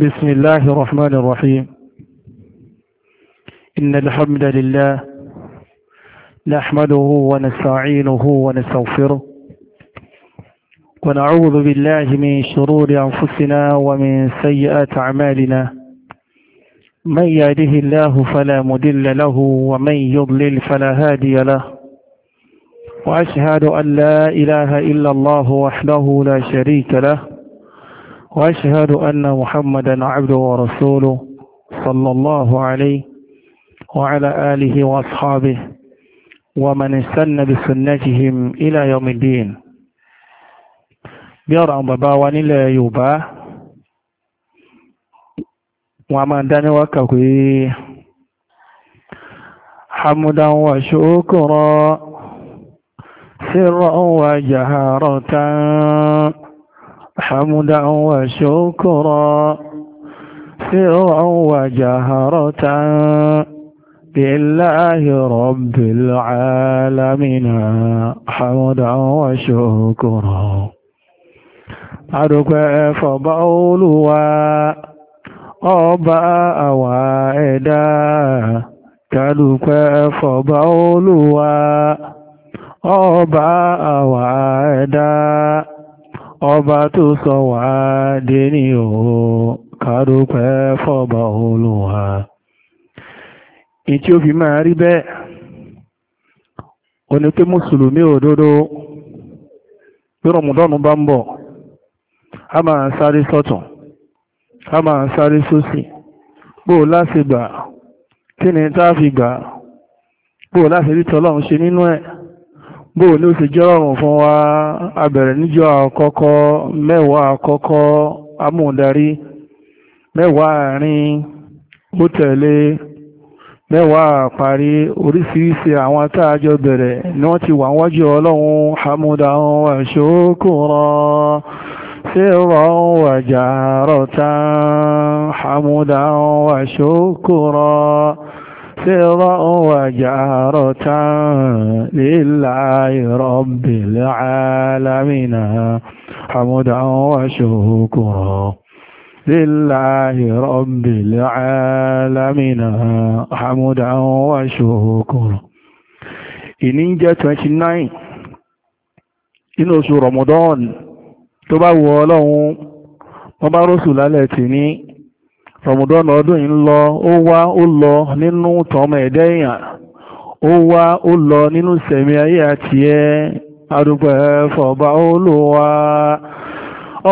بسم الله الرحمن الرحيم إن الحمد لله نحمده ونستعينه ونستغفره ونعوذ بالله من شرور أنفسنا ومن سيئات أعمالنا من يهده الله فلا مدل له ومن يضلل فلا هادي له وأشهد أن لا إله إلا الله وحده لا شريك له وأشهد أن محمدا عبده ورسوله صلى الله عليه وعلى آله وأصحابه ومن استنى بسنتهم إلى يوم الدين بيرا بابا ونلا يوبا وما داني وكوي حمدا وشكرا سرا وجهارتا حمدا وشكرا سرا وجهرة لله رب العالمين حمدا وشكرا adúpẹ́ fọba olúwa ọba àwa ẹ̀dá kádúpẹ́ fọba olúwa ọba àwa ẹ̀dá ọba tó sọ wá dé ní òhò kàdópẹ́ fọ́bà olùwà ìtí ó fi máa rí bẹ́ẹ̀ o ní pé mùsùlùmí òdodo bí rọmùdọ́nù bá ń bọ̀ a máa ń sáré sọ́tún a máa sáré sósì bó láti gbà kí ni tá fi gbà bó láti rí tọ́lọ́run ṣe nínú ẹ̀ bó ní ó ṣe ọ̀rùn fún wa abẹ̀rẹ̀ níjọ́ àkọ́kọ́ mẹ́wàá àkọ́kọ́ amúndarí mẹ́wàá àárín ó tẹ̀lé mẹ́wàá àparí oríṣiríṣi àwọn táàjọ bẹ̀rẹ̀ ni wọ́n ti wà wájú ọlọ́run سرا وجارة لله رب العالمين حمدا وشكرا لله رب العالمين حمدا وشكرا إن جاء 29 إنه oṣù رمضان tó bá wù Ọlọ́run wọ́n bá rọ́sù rọmọdọ́nà ọdún yìí ń lọ ó wá ó lọ nínú tọmọ ẹ̀dẹ́ èèyàn ó wá ó lọ nínú sẹ̀mí ayé àti ẹ́ adúpẹ́ fọba olúwa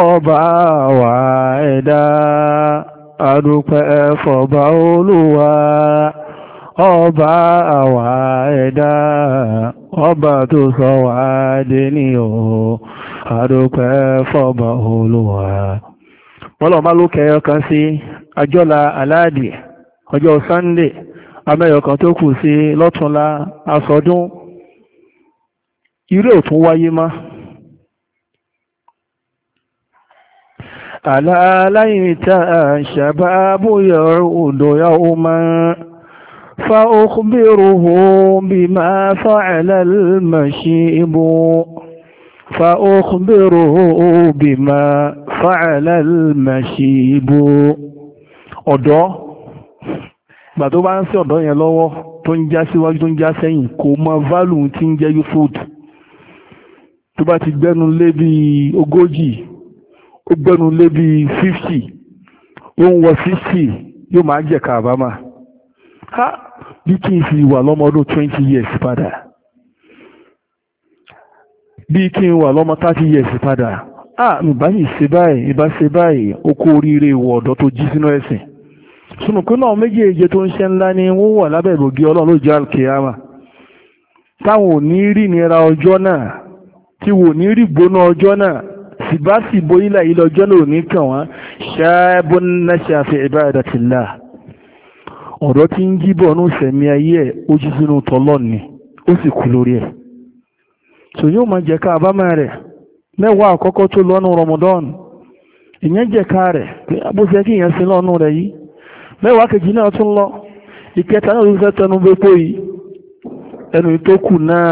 ọba wa ẹ̀dá adúpẹ́ ọba olúwa ọba àwa ẹ̀dá ọba tó sọ wá dé ní ọ̀họ́ adúpẹ́ fọba olúwa wọ́n lọ bá lókè ọkàn sí àjọ́la aláàdì ọjọ́ sannde amẹ́yọkan tó kù sí lọ́túnla asọdún irú òtún wáyé má aláàláyìntà ṣàbábú yọrọ òdò yàwó máa fa òkúbèròhó bí máa fa'alal ọ̀dọ́ ìgbà tó bá ń sí ọ̀dọ́ yẹn lọ́wọ́ tó ń já síwájú tó ń já sẹ́yìn kò mọ value tí ń jẹ́ youthhood tó bá ti gbẹ́nu lé bí ogójì ó gbẹ́nu lé bí fifty ó ń wọ sixty yóò máa jẹ̀ka àbámà ha bí kí n fi wà lọ́mọ ọdún twenty years padà bí kí n wà lọ́mọ thirty years padà ah ìbá yìí ṣe báyìí ìbá ṣe báyìí ó kó oríire ìwọ̀ ọ̀dọ́ tó jí sínú ẹ̀sìn sunukú náà méjèèje tó ń ṣe ńlá ni wọ́n wà lábẹ́ ìbògì ọlọ́run lójú alkiyama táwọn ò ní rí ìnira ọjọ́ náà tí wò ní rí gbóná ọjọ́ náà síbáṣìbò ilà ilẹ̀ ọjọ́ ló ní kàn wọ́n ṣáàbù náṣà fi ìbáradàtìlá ọ̀dọ́ tí ń jíbọ̀ ní sẹ̀mí ayé ẹ̀ ó jí sínú ni ó sì kú lórí ẹ̀ tò yóò máa rẹ̀ mẹ́wàá àkọ́kọ́ tó lọ́nu ìyẹn rẹ̀ mẹ́wàá kejì náà tún lọ ìkẹta náà ló fẹ́ tẹnu gbogbo yìí ẹnu ìtókù náà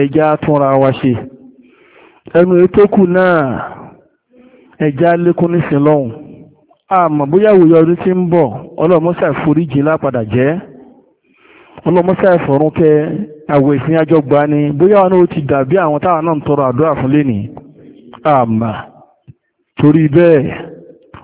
ẹja túnra wa ṣe ẹnu ìtókù náà ẹja lékún nísìn lọ́hùn àmọ́ bóyá òye ọdún tí ń bọ̀ ọlọ́mọṣà foríjì lápadà jẹ́ ọlọ́mọṣà ìfọ̀rún kẹ àwọ̀ ìsìn àjọgbá ni bóyá wọn ó ti dàbí àwọn táwọn náà ń tọrọ àdúrà fún lénìí àmà torí bẹ́ẹ̀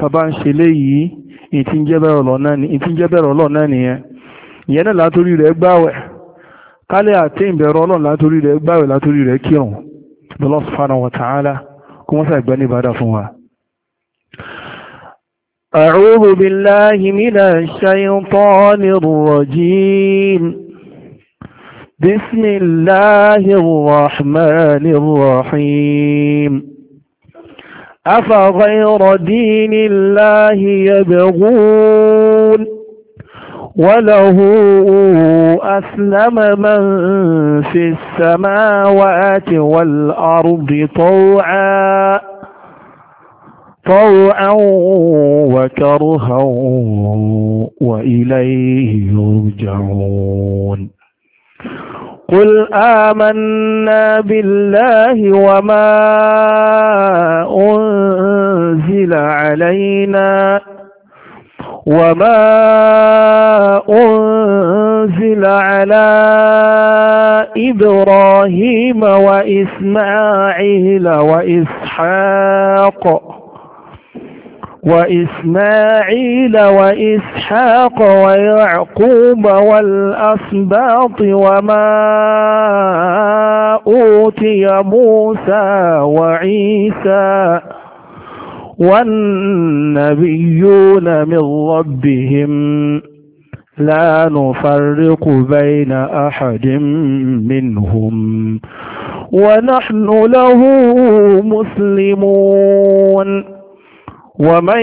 tàbá ń ṣe léyìí ìtí ń jẹ́bẹ̀rẹ̀ ọlọ́run náà nìyẹn ìyẹn náà látorí rẹ̀ gbáwẹ̀ kálẹ̀ àti ìbẹ̀rẹ̀ ọlọ́run látorí rẹ̀ gbáwẹ̀ látorí rẹ̀ kírun Allah subhanahu wa ta'ala kó أعوذ بالله من الشيطان الرجيم بسم الله الرحمن الرحيم أفغير دين الله يبغون وله أسلم من في السماوات والأرض طوعا طوعا وكرها وإليه يرجعون قل آمنا بالله وما أنزل علينا وما أنزل على إبراهيم وإسماعيل وإسحاق وإسماعيل وإسحاق ويعقوب والأسباط وما أوتي موسى وعيسى والنبيون من ربهم لا نفرق بين أحد منهم ونحن له مسلمون ومن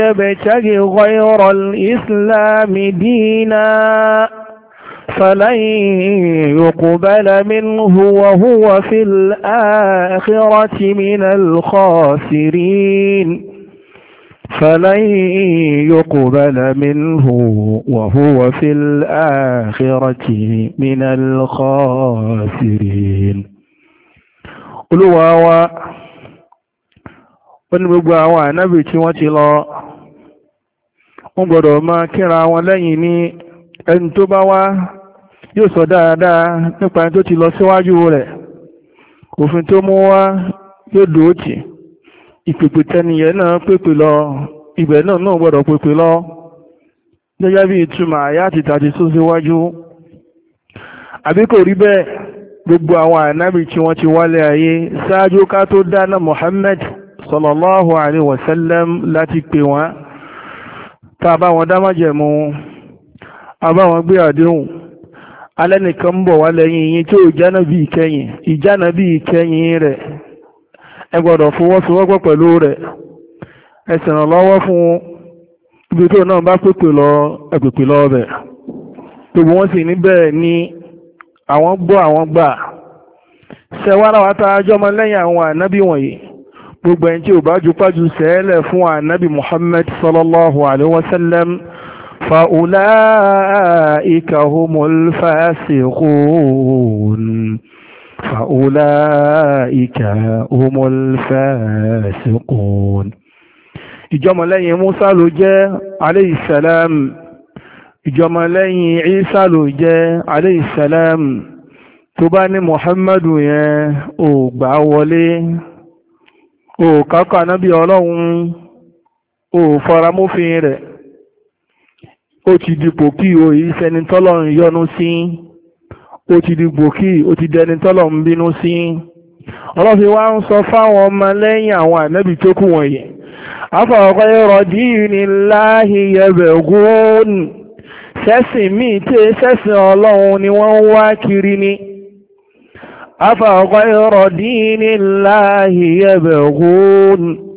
يبتغ غير الإسلام دينا فلن يقبل منه وهو في الآخرة من الخاسرين فلن يقبل منه وهو في الآخرة من الخاسرين قلوا ó ní gbogbo àwọn ànábì tí wọ́n ti lọ wọ́n gbọ́dọ̀ ma kíra wọn lẹ́yìn ní ẹni tó bá wá yóò sọ dáadáa nípa ẹni tó ti lọ síwájú rẹ̀ òfin tó mú wá yóò dòótì ìpèpè tẹniyẹ náà pèpè lọ ibẹ̀ náà náà gbọ́dọ̀ pèpè lọ gẹ́gẹ́ bí ìtumọ̀ àyá àti tàbí síwájú àbí kò rí bẹ́ẹ̀ gbogbo àwọn ànábì tí wọ́n ti wálé ayé ṣáájú ká tó dáná Muhammad sallallahu alaihi wasallam láti pè wọ́n tá bá wọn dámájẹ̀mú abá wọn gbé àdéhùn alẹ́nìkan ń bọ̀ wá lẹ́yìn yín tí ó jánà bí ìkẹyìn ìjánà bí ìkẹyìn rẹ̀ ẹ gbọ́dọ̀ fọwọ́sowọ́pọ̀ pẹ̀lú rẹ̀ ẹ ṣèrànlọ́wọ́ fún ibi tó náà bá pèpè lọ ẹ̀pèpè lọ bẹ̀ gbogbo wọn sì níbẹ̀ ni àwọn gbọ́ àwọn gbà ṣẹwàá làwọn tá a lẹ́yìn àwọn ànábì wọ̀nyí gbogbo ẹni tí ò bá ju pájú sẹ́ẹ̀lẹ̀ fún ànábì Muhammad sallallahu alaihi wasallam fa ulaika humul fasiqun fa ulaika humul fasiqun ìjọmọ̀lẹ́yìn Musa ló jẹ́ alayhi salam ìjọmọ̀lẹ́yìn Isa ló jẹ́ alayhi salam tó bá ní Muhammadu yẹn ò gbà wọlé òkàkọ́ ànábì ọlọ́run òfaramófin rẹ̀ o ti rẹ. kí ti sẹni tọ́lọ́run yọ́nú sí ó ti dipò kí ti dẹni tọ́lọ́run bínú sí ọlọ́fin wá ń sọ fáwọn ọmọ lẹ́yìn àwọn ànábì tó kù wọ̀nyí afọ̀kọ́yọ̀rọ̀ díìní láàyè yẹbẹ̀ gún sẹ́sìn míì tí sẹ́sìn ọlọ́run ni wọ́n ń wá kiri ni. أفغير دين الله يبغون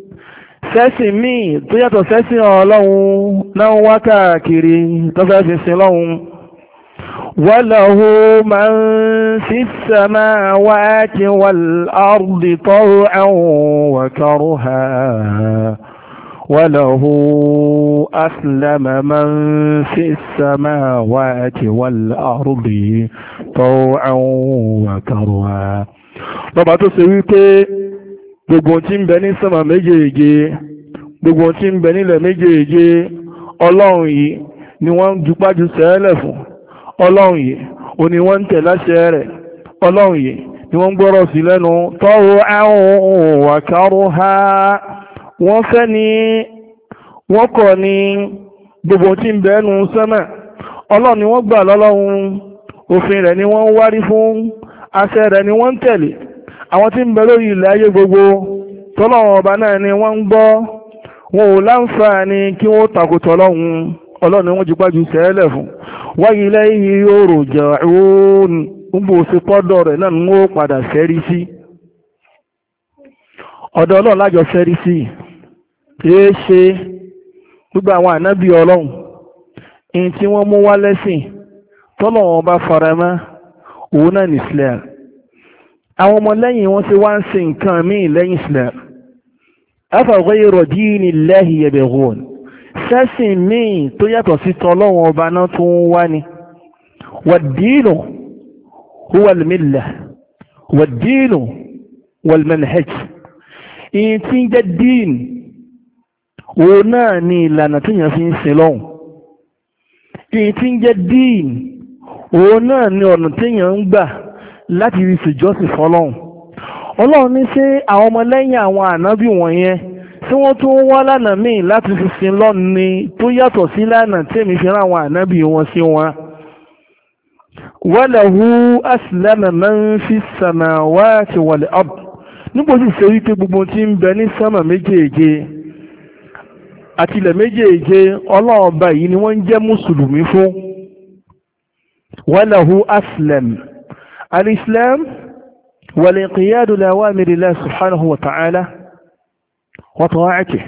sẹ́sìn míì tó yàtọ̀ sẹ́sìn ọlọ́run náà wá káàkiri tó fẹ́ fi sin lọ́run وله من في السماوات والأرض طوعا وكرها وله أسلم من في السماوات والأرض طوعا ń bẹ ní sánmà ọlọ́run yìí ni wọ́n ń sẹ́ẹ̀lẹ̀ fún ọlọ́run yìí o ni wọ́n ń tẹ̀ láṣẹ rẹ̀ ọlọ́run yìí ni wọ́n ń gbọ́rọ̀ ha wọ́n fẹ́ ni wọ́n kọ̀ ni gbogbo tí ń bẹ́ẹ̀nu sánmà ọlọ́run ni wọ́n gbà lọ́lọ́run òfin rẹ̀ ni wọ́n wárí fún àṣẹ rẹ̀ ni wọ́n ń tẹ̀lé àwọn tí ń bẹ lórí ilẹ̀ ayé gbogbo tọ́lọ́run ọba náà ni wọ́n ń gbọ́ wọn ò láǹfààní kí wọ́n takò tọ́lọ́run ọlọ́run ni wọ́n ti pàjù sẹ́ẹ̀lẹ̀ fún wáyé lẹ́yìn yóò jẹ́ kìí ṣe gbogbo àwọn ànábì ọlọ́run in tí wọ́n mú wá lẹ́sìn tọ́lọ̀wọ́n bá faramá òun náà ní Islam àwọn ọmọlẹ́yìn wọn ti wá ń ṣe nǹkan míì lẹ́yìn Islam afagayra dinillahi yabghun sẹ́sìn míì tó yàtọ̀ sí tọ́lọ́wọ́n ọba náà tó ń wá ni wad-dinu huwa al ìyìn tí ń jẹ́ díìnì òun náà ni ìlànà tí èèyàn fi ń sin lọ́hùn èyí tí ń jẹ́ díìn òun náà ni ọ̀nà tí èèyàn ń gbà láti fi ṣèjọ́sìn fọlọ́hùn ọlọ́run ní ṣé àwọn ọmọlẹ́yìn àwọn ànábì wọ̀nyẹn tí wọ́n tún wá lánà míì láti fi sin lọ́hùn ni tó yàtọ̀ sí lánà tí èmi fi rán àwọn ànábì wọn sí wọn wàlẹ̀hu asìlẹ́mẹ̀ máa ń fi sàmà wá ti wàlẹ̀ ọ̀b nígbò sì ṣe wípé gbogbo tí ń bẹ ní sánmà méjèèje àti ilẹ̀ méjèèje ọlọ́run ọba yìí ni wọ́n ń jẹ́ mùsùlùmí fún wàláhù aslam alislam wàlẹ̀kìyàdù làwàmìrìlá subhanahu wa ta'ala wọ́tọ̀ wáàkì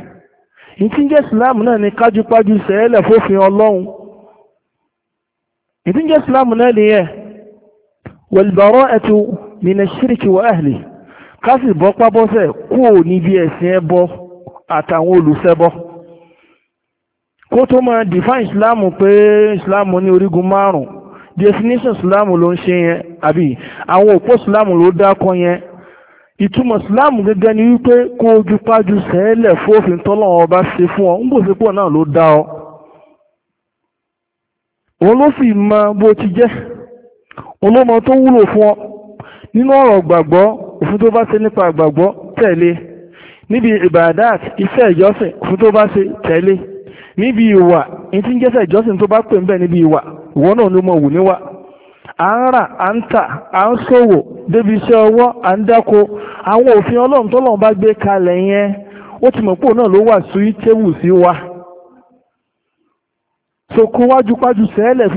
in tí ń jẹ́ islam náà ni kájúpájú sẹ́ẹ̀lẹ̀ fófin ọlọ́run in tí ń jẹ́ islam náà ni yẹ wal-bara'atu min ash-shirki wa ká sì bọ́ pábọ́sẹ̀ kúò níbi ẹ̀sìn ẹbọ àtàwọn olùṣẹbọ kó tó máa define islam pé islam ní orígun márùn definition islam ló ń ṣe yẹn àbí àwọn òpó islam ló dákọ yẹn ìtumọ̀ islam gẹ́gẹ́ ni wípé kó ojú pájú sẹ́ẹ̀lẹ̀ fófin tọ́lọ́wọ́ ọba ṣe fún ọ ń bò sí pọ̀ náà ló dá ọ òun ló fi mọ bó ti jẹ́ òun ló mọ tó wúlò fún ọ nínú ọ̀rọ̀ gbàgbọ́ òfin tó bá ṣe nípa gbàgbọ́ tẹ̀lé níbi ìbàdàt iṣẹ́ ìjọsìn òfin tó bá ṣe tẹ̀lé níbi ìwà ní ti ń jẹ́sẹ̀ ìjọsìn tó bá pè ń bẹ̀ níbi ìwà ìwọ náà ló mọ̀ wù níwà à ń rà à ń tà à ń ṣòwò débi iṣẹ́ ọwọ́ à ń dáko àwọn òfin ọlọ́run tọ́lọ́run bá gbé kalẹ̀ yẹn ó ti mọ̀ pò náà ló wà sí tébù sí wa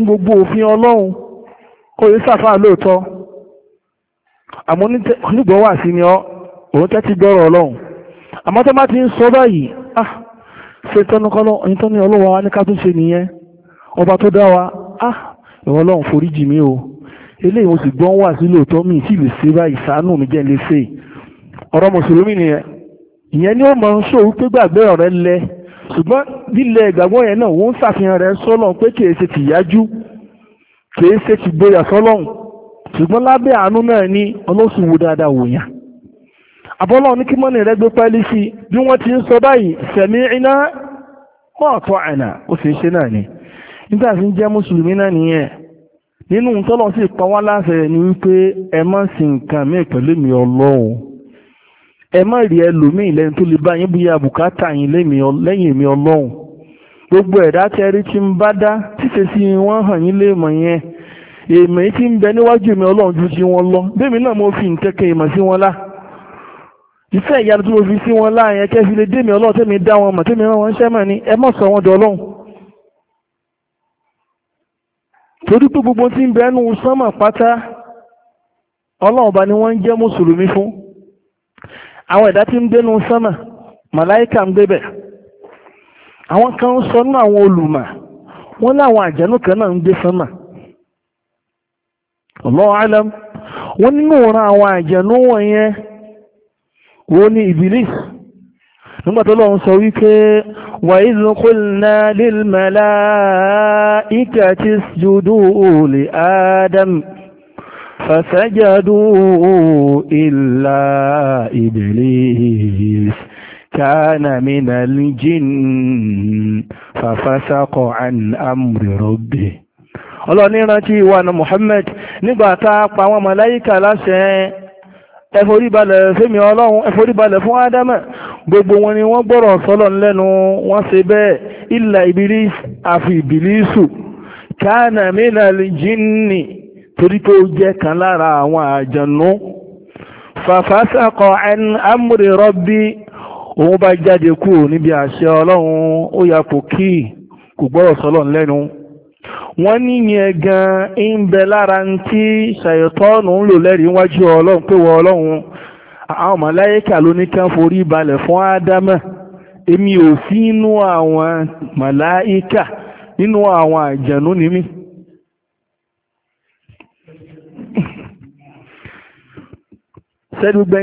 gbogbo òfin ọlọ́run ko yẹ sáfà lóòótọ́ àmọ́ sí ni òun tẹ́tí gbọ́rọ̀ ọlọ́run ti ń sọ báyìí ah, ṣe tọ́nukọ́lọ́ ẹ̀yìn tọ́ni ọlọ́wọ́ wa ní ká tún ṣe nìyẹn ọba tó dá wa ah ìwọ ọlọ́run foríjì mi o eléyìí mo sì gbọ́n wà sí lóòótọ́ mi sì lè ṣe báyìí ṣàánú mi jẹ́ lè ọ̀rọ̀ mùsùlùmí nìyẹn ìyẹn ni ó mọ̀ ń ṣòwò pé gbàgbé ọ̀rẹ́ lẹ ṣùgbọ́n lílẹ̀ ìgbàgbọ́ yẹn náà wọ́n ń ṣàfihàn rẹ̀ sọ́lọ́n pé kìí ṣe tìyájú kìí ṣe tìgboyà sọ́lọ́n ṣùgbọ́n lábẹ́ àánú náà ni ọlọ́sùn wo dáadáa wòyàn àbọ́lọ́ ní kí mọ́nì rẹ gbé pẹ́lí sí bí wọ́n ti ń sọ báyìí sẹ̀mí iná mọ́ọ̀tọ́ àìnà ó sì ṣe náà ni nígbà tí ń jẹ́ mùsùlùmí náà nìyẹn nínú tọ́lọ̀ sì pa wá láṣẹ ni wípé ẹ má sin nǹkan mí pẹ̀lú mi ọlọ́run ẹ má rí ẹlòmíì lẹ́yìn tó lè bá yín bóyá bùkátà yín lẹ́yìn mi ọlọ́run gbogbo ẹ̀dá ń bá ìfẹ́ ìyanu tí mo fi sí wọn láàrin ẹkẹ́ fi lè dèmi ọlọ́run tẹ́mi dá wọn mọ̀ tẹ́mi rán wọn ṣẹ́ mọ̀ ni ẹ mọ̀ sọ wọn dọ̀lọ́hùn torí pé gbogbo tí ń bẹnu sánmọ̀ pátá ọlọ́run bá ni wọ́n ń jẹ́ mùsùlùmí fún àwọn ẹ̀dá tí ń bẹnu sánmọ̀ màláìkà ń gbébẹ̀ àwọn kan ń sọ nínú àwọn olùmọ̀ wọ́n láwọn àjẹnú kan náà ń gbé sánmọ̀ Allahu alam wọ́n nínú ìran àwọn àjẹnú wọ̀nyẹn wo ni Iblis nígbàtí Ọlọ́run sọ wípé wà ìzùn kó ná lílmẹ̀lá ìkà tí jùdú olè adam fàṣẹ́jàdú ìlà Iblis kánà mìnà jín fàfásakọ̀ àn amri rọ̀bì ọlọ́ni rántí wa na Muhammad nígbàtá pa wọn màláíkà ẹforíbalẹ̀ fẹ́mi ọlọ́run ẹforíbalẹ̀ fún ádámà gbogbo wọn ni wọ́n gbọ́rọ̀ sọ́lọ̀ lẹ́nu wọ́n ṣe bẹ́ẹ̀ ilà ìbílís àfi ìbílísù káànà mínàlì jínì torí tó jẹ́ kan lára àwọn àjànú fàfàṣàkọ̀ ẹn rọ́bí òun bá jáde kúrò níbi àṣẹ ọlọ́run ó yà kí kò gbọ́rọ̀ sọ́lọ̀ lẹ́nu wọ́n níyẹn gan ń bẹ lára ń tí ṣàyẹ̀tọ́nù ń lò lẹ́rìí wájú ọlọ́run pé wọ ọlọ́run àwọn màláyíkà ló ní kán forí balẹ̀ fún ádámà èmi ò sí inú àwọn màláyíkà nínú àwọn àjẹ̀nú ni mí. sẹ́dúgbẹ́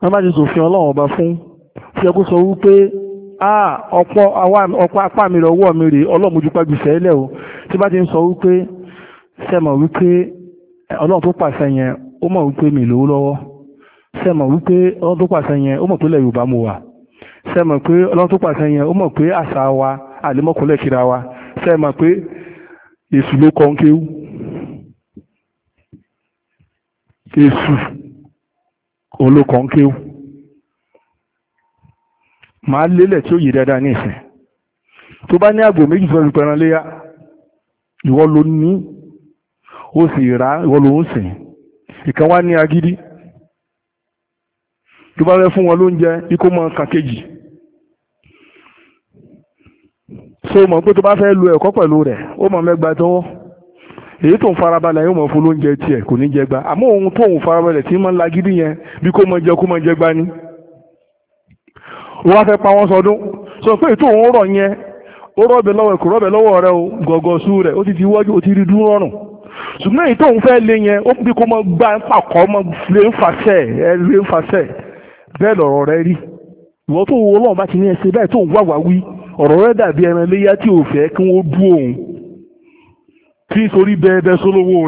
wọ́n bá ti sòfin ọlọ́run ọba fún fi ẹkú sọ wípé ọ̀pọ̀ ọ̀pọ̀ apá mi rẹ̀ ọwọ́ mi rè ọlọ́mọdúpá gbèsè ẹlẹ́ o tí bá ti ń sọ wípé sẹ́mọ̀ wípé ọlọ́run tó pàṣẹ yẹn ó mọ̀ wípé mi lówó lọ́wọ́ sẹ́mọ̀ wípé ọlọ́run tó pàṣẹ yẹn ó mọ̀ pé lẹ̀ Yorùbá mo wà sẹ́mọ̀ pé ọlọ́run tó pàṣẹ yẹn ó mọ̀ pé àṣà wa àlèmọ́kùnlẹ̀ kíra wa sẹ́mọ̀ pé èṣù ló kọ́ ń kéwú èṣù òun ló kọ́ ń kéwú máa lélẹ̀ tí ó yè dáadáa ní ìsìn tó bá ní àgbò méjì fẹ́ pẹran léyà ìwọ ló ní ó sì rà ìwọ ló ń sìn ìkan wá ní agídí tó bá rẹ fún wọn lóúnjẹ ikú mọ kàkejì so mọ̀ pé tó bá fẹ́ lu ẹ̀kọ́ pẹ̀lú rẹ̀ ó mọ̀ mẹ́gba tọ́wọ́ èyí tó ń farabalẹ̀ yóò mọ̀ fún lóúnjẹ tiẹ̀ kò ní jẹ àmọ́ ohun tó ń farabalẹ̀ tí ń mọ̀ lagídí yẹn bí kò mọ̀ jẹ kó mọ̀ jẹ ni. wọ́n á fẹ́ pa wọ́n sọdún sọ pe ètò òun rọ̀ yẹn ó lọ́wọ́ ẹ̀kọ́ lọ́wọ́ rẹ o gọ̀gọ̀sù rẹ̀ ó ti di wọ́jú ó ti rí dúró rùn ṣùgbọ́n èyí tó ń fẹ́ lé yẹn ó bí kó mọ gbá ń pàkọ́ mọ lé ń fàṣẹ ẹ lé ń fàṣẹ bẹ́ẹ̀ lọ̀rọ̀ rẹ rí ìwọ tó wo ọlọ́run bá ti ní ẹsẹ̀ tó ń wá ọ̀rọ̀ rẹ dàbí ẹran tí kí wọ́n òun kí bẹ́ẹ̀ bẹ́ẹ̀ sólówó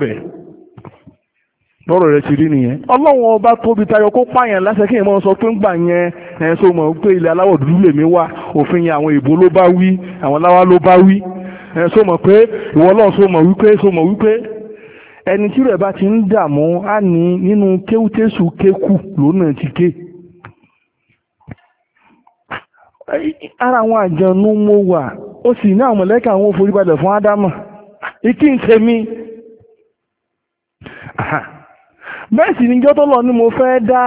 lọ́rọ̀ rẹ̀ ti rí nìyẹn ọlọ́run ọba tóbi tayọ kó pààyàn láṣẹ kí n sọ pé ń gbà yẹn ẹ̀ mọ̀ pé ilẹ̀ aláwọ̀ dúdú lèmi wá òfin yẹn àwọn ìbò ló bá wí àwọn láwa ló bá wí ẹ̀ mọ̀ pé ìwọ ọlọ́run mọ̀ wípé ṣó mọ̀ wípé ẹni tí rẹ̀ bá ti ń dààmú ara àwọn àjẹnú mo wà ó sì ní fún ádámà ikí ń mi. bẹ́ẹ̀ ni níjọ́ tó ní mo fẹ́ dá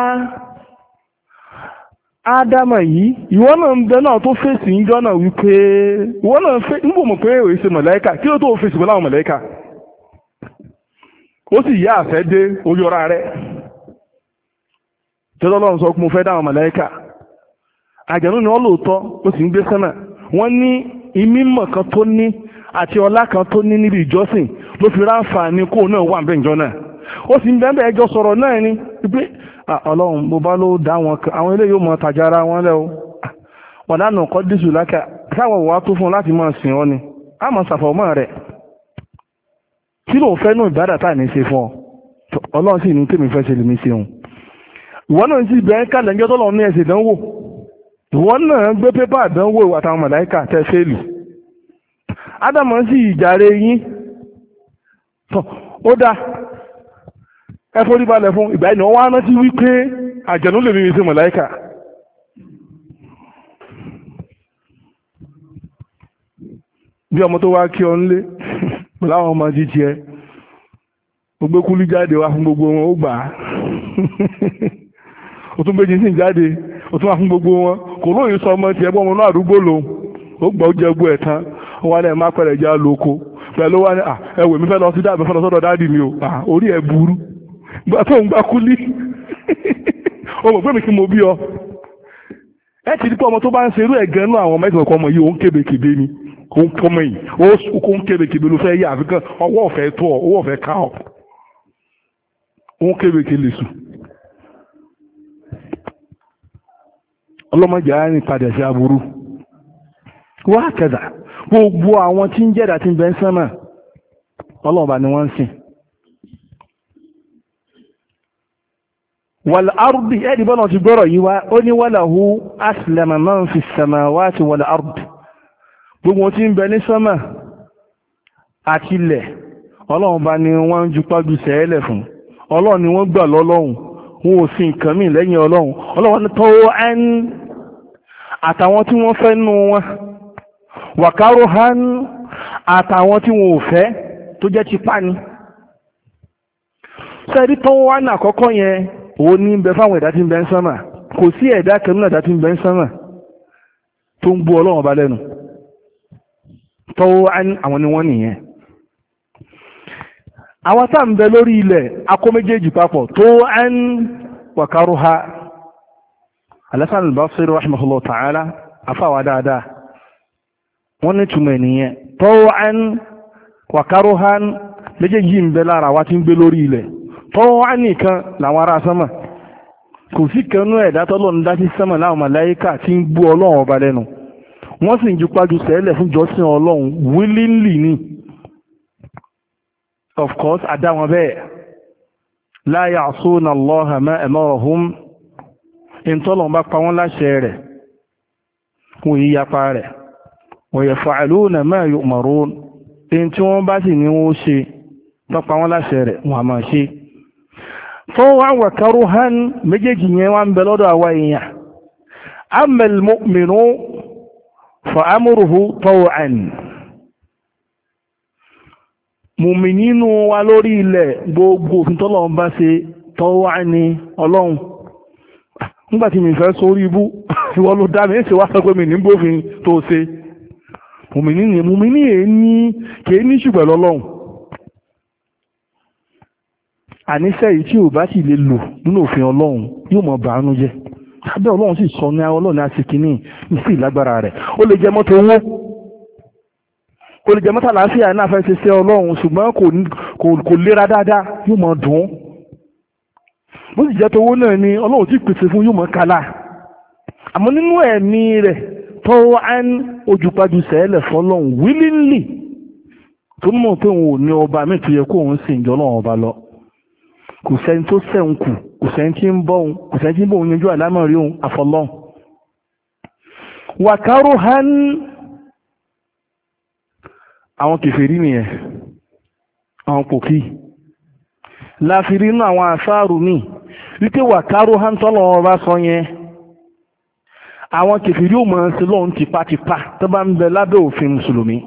ádámà yìí ìwọ náà ń bẹ náà tó fèsì níjọ́ náà wípé ìwọ náà fẹ́ ń bò mọ̀ pé ṣe mọ̀lẹ́kà kí ló tó fèsì pẹ̀lú àwọn mọ̀lẹ́kà ó sì yá àfẹ́ dé orí ọ̀rá rẹ̀ sọ pé mo fẹ́ dá àwọn mọ̀lẹ́kà àjẹ̀nú ni wọ́n lóòótọ́ ó sì ń gbé wọ́n kan tó ní àti ọlá kan tó níbi ìjọsìn ló fi náà wà ìjọ ó sì ń bẹ́ẹ̀ bẹ́ẹ̀ jọ sọ̀rọ̀ náà ni pé ah, ọlọ́run mo bá ló dá wọn kan àwọn ilé yóò mọ tàjà ara wọn lẹ́wọ́ ọ̀dà náà kọ́ dísù lákà sáwọn wà tó fún láti máa sìn ọ́ ni a máa ṣàfọ̀mọ́ rẹ̀ tí lòun fẹ́ nù ìbádà tá à ní ṣe fún ọ ọlọ́run sì ní tèmi fẹ́ ṣe lèmi ṣeun ìwọ náà sì bẹ́ẹ̀ kálẹ̀ ń jọ́ tọ́lọ́run ní ẹ̀sìn ìdánwò ìwọ náà gbé pépà àdánwò àtàwọn màláìkà tẹ́ fẹ́ẹ̀lù ádámọ̀ sì ìjàre yín ó dáa ẹ forí balẹ̀ fún ìgbà ẹni wọ́n rántí wípé àjẹ̀nú lè mímí sí mọ̀láìkà bí ọmọ tó wá kí ọ nílé pẹ̀lú àwọn ọmọ jíjí ẹ ó gbé kúlú jáde wá fún gbogbo wọn ó gbà á ó tún gbé jíjí jáde ó tún wá fún gbogbo wọn kò lóyún sọ ọmọ tiẹ̀ bọ́ ọmọ náà àdúgbò lòun ó gbà ó jẹ gbó ẹ̀ tán wọn ní ẹ̀ má pẹ̀lẹ̀ já lóko pẹ̀lú wọn ní ẹ̀ wèmí fẹ́ lọ sí dáàbẹ̀ fẹ́ lọ sọ́dọ̀ dáàdì mi o orí ẹ̀ burú gbà tó ń gbà kúlí ọmọ gbẹ́mi kí mo bí ọ ẹ ti di pé ọmọ tó bá ń serú ẹ̀ gan-an àwọn ọmọ ìgbìmọ̀ ọmọ yìí òun kébèkébé ni òun kọ́mọ yìí òun kébèkébé ló fẹ́ yá àfikàn ọwọ́ ọ̀fẹ́ tó ọ owó ọ̀fẹ́ ká ọ òun kébèkébé sùn. ọlọ́mọdé ara ní padà sí aburú wá kẹta gbogbo àwọn tí ń jẹ́dà tí ń bẹ́ ń sánmà ọlọ́ọ̀bà ni wọ́n ń sìn wàl'arùdì ẹ̀dì bọ́nà ti gbọ́rọ̀ yíwá ó ní wàláhú aslama man fi samawati wàl'arùdì gbogbo tí ń bẹ ní sánmà àti ilẹ̀ ọlọ́run bá ní wọ́n ń jupájú sẹ́ẹ̀lẹ̀ fún ọlọ́run ni wọ́n gbà lọ́lọ́run wọn ò sí nǹkan mí lẹ́yìn ọlọ́run ọlọ́run tó ẹn àtàwọn tí wọ́n fẹ́ nú wọn wàkárò hán àtàwọn tí wọn ò fẹ́ tó jẹ́ tipá ni sẹ́ẹ̀dí tó ní yẹn òun ní bẹ fáwọn ẹ̀dá tí ń bẹ ń sánmà kò sí ẹ̀dá kan náà tí ń bẹ ń sánmà tó ń bú ọlọ́run ọba lẹ́nu tọ́wọ́ àwọn ni wọ́n nìyẹn àwọn tá ń bẹ lórí ilẹ̀ akó méjèèjì papọ̀ tó ń ha Al-Hasan al-Basri rahimahullah ta'ala afáwa dáadáa wọ́n ha méjèèjì ń bẹ lára wa tọ́wọ́ wá nìkan làwọn ará sánmà kò sí kanú ẹ̀dá tọ́lọ́run dá sí sánmà láwọn màláíkà tí ń bú ọlọ́run ọba lẹ́nu wọ́n sì ń ju pájú sẹ́lẹ̀ fún jọ́sìn ọlọ́run willingly ni of course àdá wọn bẹ́ẹ̀ la ya'suna Allaha ma amarahum ìntọ́lọ́run bá pa wọ́n láṣẹ rẹ̀ kún yíyapa rẹ̀ wa yaf'aluna ma tí wọ́n bá sì ní wọ́n ṣe tọ́pa wọn láṣẹ rẹ̀ ṣe fọ́wọ́n wà karuhan méjèèjì yẹn wá ń bẹ lọ́dọ̀ àwa èèyàn amal mu'minu fa amúruhu taw'an mùmìnínú wa lórí ilẹ̀ gbogbo òfin tọ́lọ́run bá ṣe taw'an ni ọlọ́run nígbàtí mi fẹ́ sórí ibú ìwọ ló dá mi ṣe wá sọ pé mi ní tó ṣe àníṣe yìí tí ò bá sì lè lò nínú òfin ọlọ́run yóò mọ̀ bàánú jẹ́ abẹ́ ọlọ́run sì sọ ní ọlọ́run àti kìíní sí ìlágbára rẹ̀ ó lè jẹ mọ́tò owó ó lè jẹ mọ́tò àlàáfíà náà fẹ́ ṣe ṣe ọlọ́run ṣùgbọ́n kò lera dáadáa yóò mọ̀ dùn bó sì jẹ́ tówó náà ni ọlọ́run ti pèsè fún yóò mọ̀ kálá àmọ́ nínú ẹ̀mí rẹ̀ tọ́wọ́ án ojúpájú sẹ́ẹ̀lẹ̀ fọlọ́run willingly tó mọ̀ pé òun ò ní ọba mi tó yẹ kó òun sì ń jọ ọlọ́run ọba lọ kò sẹ́ni tó sẹ́hun kù kò sẹ́ni tí ń bọ́ òun kò sẹ́ni tí ń bọ́ òun yanjú àlámọ̀ rí òun àfọlọ́hun. wàkárò han àwọn kèfèrí nìyẹn àwọn pòkì láfiri inú àwọn àṣàrù mi wípé wàkárò han tọ́lọ̀ ọba sọ yẹn àwọn kèfèrí ò máa ń ṣe tipátipá tó bá ń bẹ lábẹ́ òfin mùsùlùmí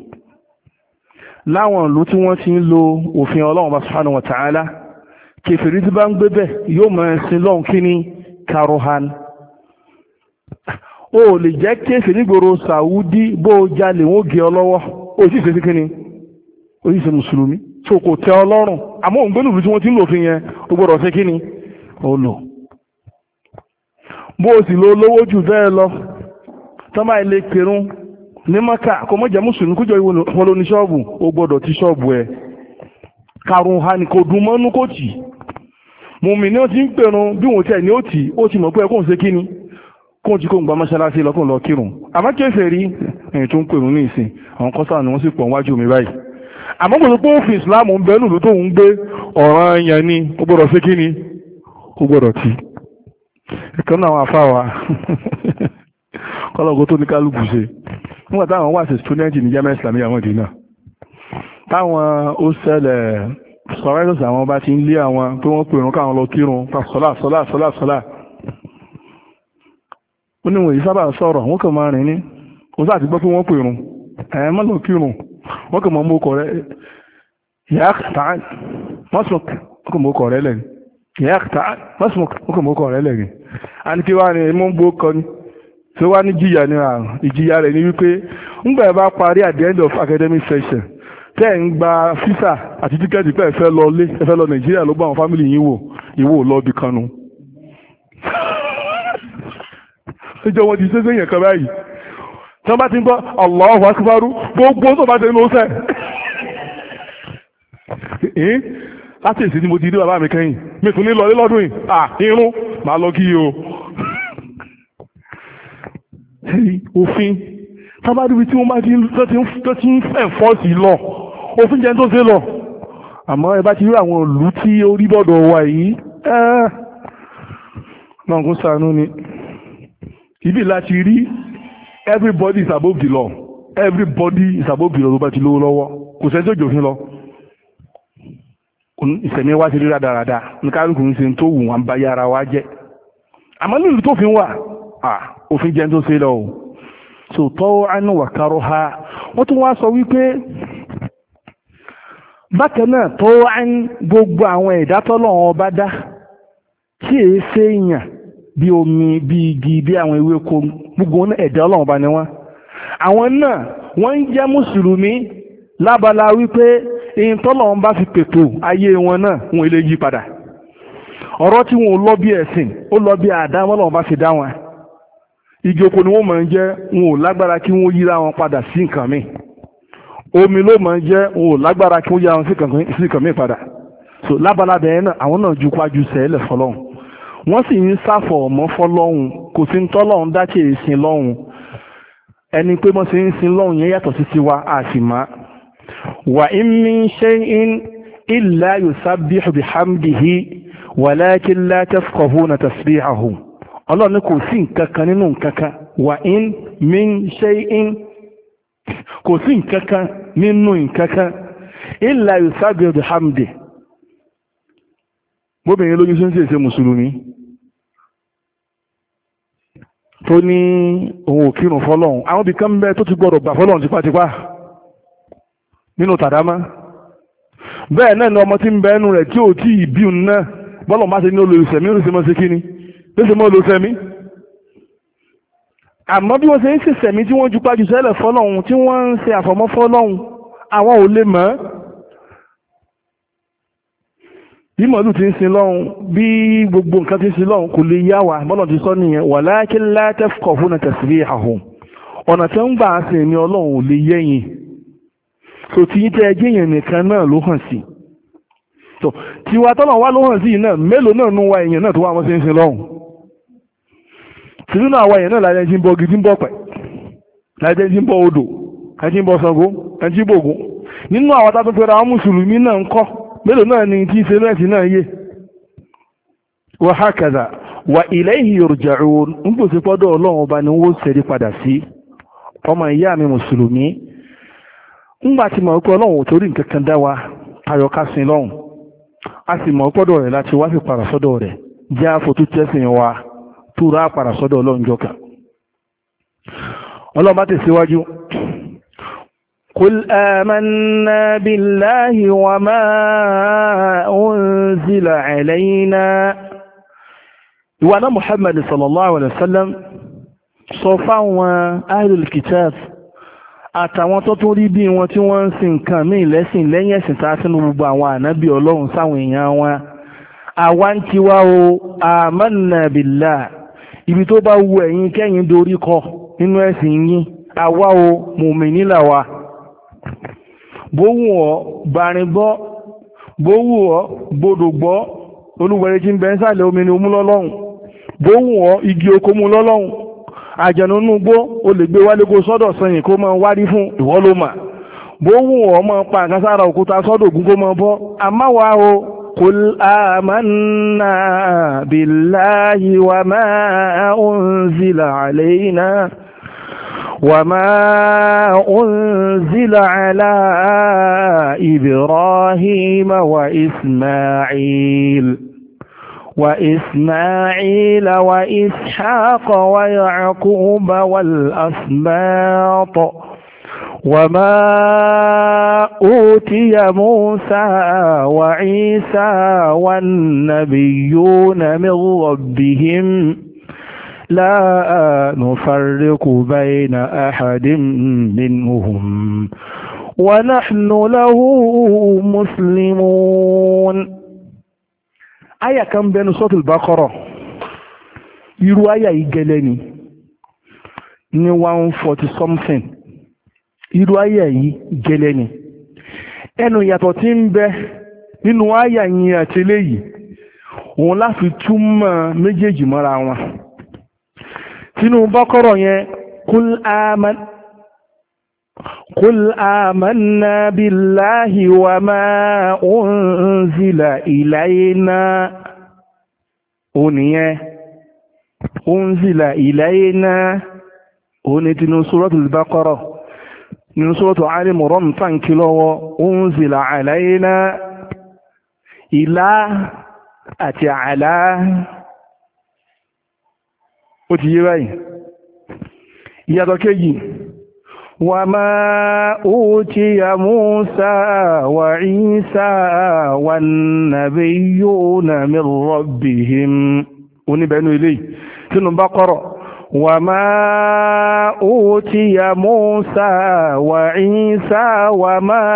láwọn ìlú tí wọ́n ti ń lo òfin ọlọ́run bá subhanahu wa kèfèrí tí bá ń gbé bẹ̀ yóò mọ̀ ẹ̀sìn lọ́n kí karohan o lè jẹ́ kèfèrí gbòòrò sàwúdí bó o jalè wọ́n gé ọ lọ́wọ́ o sì ṣe sí kí ni o sì ṣe mùsùlùmí so kò tẹ ọ lọ́rùn àmọ́ òun gbẹ́nu tí wọ́n ti ń lò fi yẹn o gbọ́dọ̀ ṣe kí ni o lò bó o sì lo olówó jù bẹ́ẹ̀ lọ tọ́mà ilé kerun ní mọ́kà kò mọ́ mùsùlùmí kó jọ ìwọ̀n lóní o gbọ́dọ̀ ti ṣọ́ọ̀bù ẹ̀ karùn-ún ha dùn mọ́nú kò tì í mùmí ni ó ti ń pèrun bí wọ́n tẹ̀ ní ó tì ó ti mọ̀ pé ẹkùn ṣe kí ni kóun ti kó ń gba mọ́ṣáláṣí lọ́kùn lọ kírun àmọ́ kéfèé rí ẹ̀yìn tó ń pèrun ní ìsìn àwọn kọ́sà ni wọ́n sì pọ̀ wájú mi báyìí àmọ́ kò tó pé òfin ìsìláàmù ń bẹ́ẹ̀ lùlù tó ń gbé ọ̀ràn ẹ̀yàn ni ó gbọ́dọ̀ ṣe kí ni ó gbọ́dọ̀ ti ìkan náà àfa wa kọ́lọ́gọ́ tó ní kálukú ṣe nígbà táwọn wà sí student ní jamiu islamiyah mọ́dínà táwọn ó sọ̀rọ̀ àwọn bá ti ń lé àwọn pé wọ́n pèrún káwọn lọ kírun pa sọ́lá sọ́lá sọ́lá sọ́lá ó ní wọ̀nyí sábà sọ̀rọ̀ wọ́n kàn máa rìn ní wọ́n sáà gbọ́ pé wọ́n pèrún ẹ̀ẹ́ mọ́ lọ kírun wọ́n kàn máa mú ọkọ̀ rẹ̀ yàtàán mọ́sùmùk ọkọ̀ rẹ̀ lẹ́yìn yàtàán wá ní mú gbó kọ ni tí wá ní jìyà ní ìjìyà rẹ̀ ní wípé ń at the end of academic session tẹ́ ń gba físà àti tíkẹ́ẹ̀tì pé ẹ fẹ́ lọ lé ẹ fẹ́ lọ nàìjíríà ló bá àwọn fámìlì yín wò ìwò lọ́ọ́bì kan nu. ṣéjọ́ wọn ti ṣéṣe yẹn kan báyìí tí wọ́n bá ti ń gbọ́ Allahu Akbar gbogbo tó bá ti ń sẹ́. láti èsì ni mo ti dé bàbá mi kẹ́yìn mi tún ní lọlé lọ́dún yìí à irun màá lọ kí i o. òfin tábàdúbi tí wọ́n bá ti ń fẹ́ fọ́ọ̀sì lọ òfin jẹ́ tó ṣe lọ àmọ́ ẹ bá ti rí àwọn ìlú tí ó rí bọ́dọ̀ wà yìí náà kún ṣàánú ni ibi láti rí everybody is above the law everybody is above the law tó bá ti lówó lọ́wọ́ kò sẹ́ni tó jòfin lọ ìsẹ̀mí wa ti rí rádaràda ní kálukú ń ṣe tó wù wọn bá yára wa jẹ́ àmọ́ nílùú tó fi wà òfin jẹ́ tó ṣe lọ o so tọ́wọ́ ánú wà kárọ́ ha wọ́n tún wá sọ wípé bákan náà tó ń gbogbo àwọn ẹ̀dá tọ́lọ́run ọba dá tí èé ṣe èèyàn bí omi bí igi bí àwọn ewéko gbogbo ẹ̀dá ọlọ́run ọba ni wọ́n àwọn náà wọ́n ń jẹ́ mùsùlùmí lábala wípé ìyìn tọ́lọ́run bá fi pètò ayé wọn náà wọn lè yí padà ọ̀rọ̀ tí wọn ò lọ bí ẹ̀sìn ó lọ bí àdá wọn lọ́wọ́ bá fi dá wọn ìjókòó ni wọ́n máa ń jẹ́ wọn ò lágbára kí wọ́n yíra wọn padà sí nǹkan mìíràn omi ló máa jẹ́ òun ò lágbára kí wọ́n yára sí ìkàn mí padà so lábala bẹ́ẹ̀ náà àwọn náà ju pájú sẹ́ẹ̀lẹ̀ fọlọ́hún wọ́n sì ń sáfọ̀ ọmọ fọlọ́hún kò sí ń tọ́lọ́hún dákẹ́ ìsìn lọ́hún ẹni pé wọ́n sì ń sin lọ́hún yẹn yàtọ̀ sí tiwa àṣìmá wà in min shay'in illa yusabbihu bihamdihi walakin la ọlọ́run kò sí nǹkan kan nínú nǹkan kan wà in kò sí nǹkankan nínú nǹkankan illa yusabihu bihamdi bóbìnrin lójú sí ṣe mùsùlùmí tó ní òun òkírùn fọ́lọ́hun àwọn ibi kan bẹ́ẹ̀ tó ti gbọ́dọ̀ gbà fọ́lọ́hun tipátipá nínú tàdámá bẹ́ẹ̀ náà ni ọmọ tí ń bẹ ẹnu rẹ̀ tí ò tí ì bí un náà bọ́lọ̀ má ti ní olóòsẹ̀mí ó sì mọ́ sí kíni ó sì àmọ́ bí wọ́n ṣe ń ṣẹ̀ṣẹ̀mí tí wọ́n jupá jù sẹ́lẹ̀ fọ́lọ́hun tí wọ́n ń ṣe àfọ̀mọ́ fọ́lọ́hun àwọn ò lè mọ̀ bí mọ̀lú ti ń sin lọ́hun bí gbogbo nǹkan ti ń sin lọ́hun kò lè yá wa mọ́lọ̀ ti sọ nìyẹn walakin la tafqahuna tasbihahum ọ̀nà tí ń gbà á sin ni ọlọ́run ò lè yẹ́yìn tó ti yín tẹ́ ẹjẹ́ yẹn nìkan náà ló hàn sí tiwa tọ́lọ̀ wá ló hàn sí yìí náà mélòó náà nú wa èèyàn náà tó wá wọn ṣe ń sin lọ́hun sínú àwọn èèyàn náà láyé ń bọ gidi láyé odò ẹjí ń bọ bọ nínú àwọn tá a tún fẹ́ mùsùlùmí náà ń kọ́ mélòó náà ni tí náà yé wa hakaza wa ilayhi yurja'un ń pèsè pọ́dọ̀ ọlọ́run ọba ni padà sí ọmọ ìyá mi mùsùlùmí tí mọ̀ pé ọlọ́run ò torí nǹkan a sì mọ̀ pọ́dọ̀ wa túra àpàrà sọ́dọ̀ ọlọ́njọ́ kan ọlọ́run bá ti síwájú قل آمنا بالله وما أنزل علينا وأنا محمد صلى الله عليه وسلم sọ fáwọn ahlul kitab àtàwọn tó tún rí bí wọn tí wọ́n ń sin nǹkan míì lẹ́sìn lẹ́yìn ẹ̀sìn tá sínú gbogbo àwọn ànábì ọlọ́run sáwọn èèyàn wọn àwa ń o amanna billah ibi tó bá wu ẹ̀yin kẹ́yìn dorí kọ nínú ẹ̀sìn yín àwa o mùmínì làwa bówù ọ bàrin gbọ́ bówù ọ gbọdọ̀ gbọ́ olúwẹ̀rẹ̀ tí ń bẹ ń sàlẹ̀ omi ni ó mú lọ́lọ́hùn bówù ọ igi oko mú lọ́lọ́hùn àjẹnúnú gbó o lè gbé wálé kó sọ́dọ̀ sẹyìn kó máa wárí fún ìwọ ló ọ máa pa nǹkan òkúta sọ́dọ̀ ògún kó máa bọ́ àmáwá o قل آمنا بالله وما أنزل علينا وما أنزل على إبراهيم وإسماعيل وإسماعيل وإسحاق ويعقوب والأسباط وما أوتي موسى وعيسى والنبيون من ربهم لا نفرق بين أحد منهم ونحن له مسلمون آية كم بين سورة البقرة يروى آية إيجالني ni 140 something irú àyà yìí gẹ́lẹ́ ni ẹnu ìyàtọ̀ tí ń bẹ nínú àyà yìí àti eléyìí òun láfi túmọ̀ méjèèjì mọ́ra wọn sínú bọ́kọ̀rọ̀ yẹn kúl àmàn قل آمنا بالله وما أنزل إلينا أني أنزل إلينا nínú sọ́tò alìmọ̀rán tàǹkì lọ́wọ́ oun zìlà àláyéná ìlà àti àlá ó ti yé báyìí ìyàtọ̀ kéjì wà máa ó ti yà Mùsá wà Ìsá wà nàbí yóò nà mí rọ̀bìhìm ilé tínú bá kọ́rọ̀ وما أوتي موسى وعيسى وما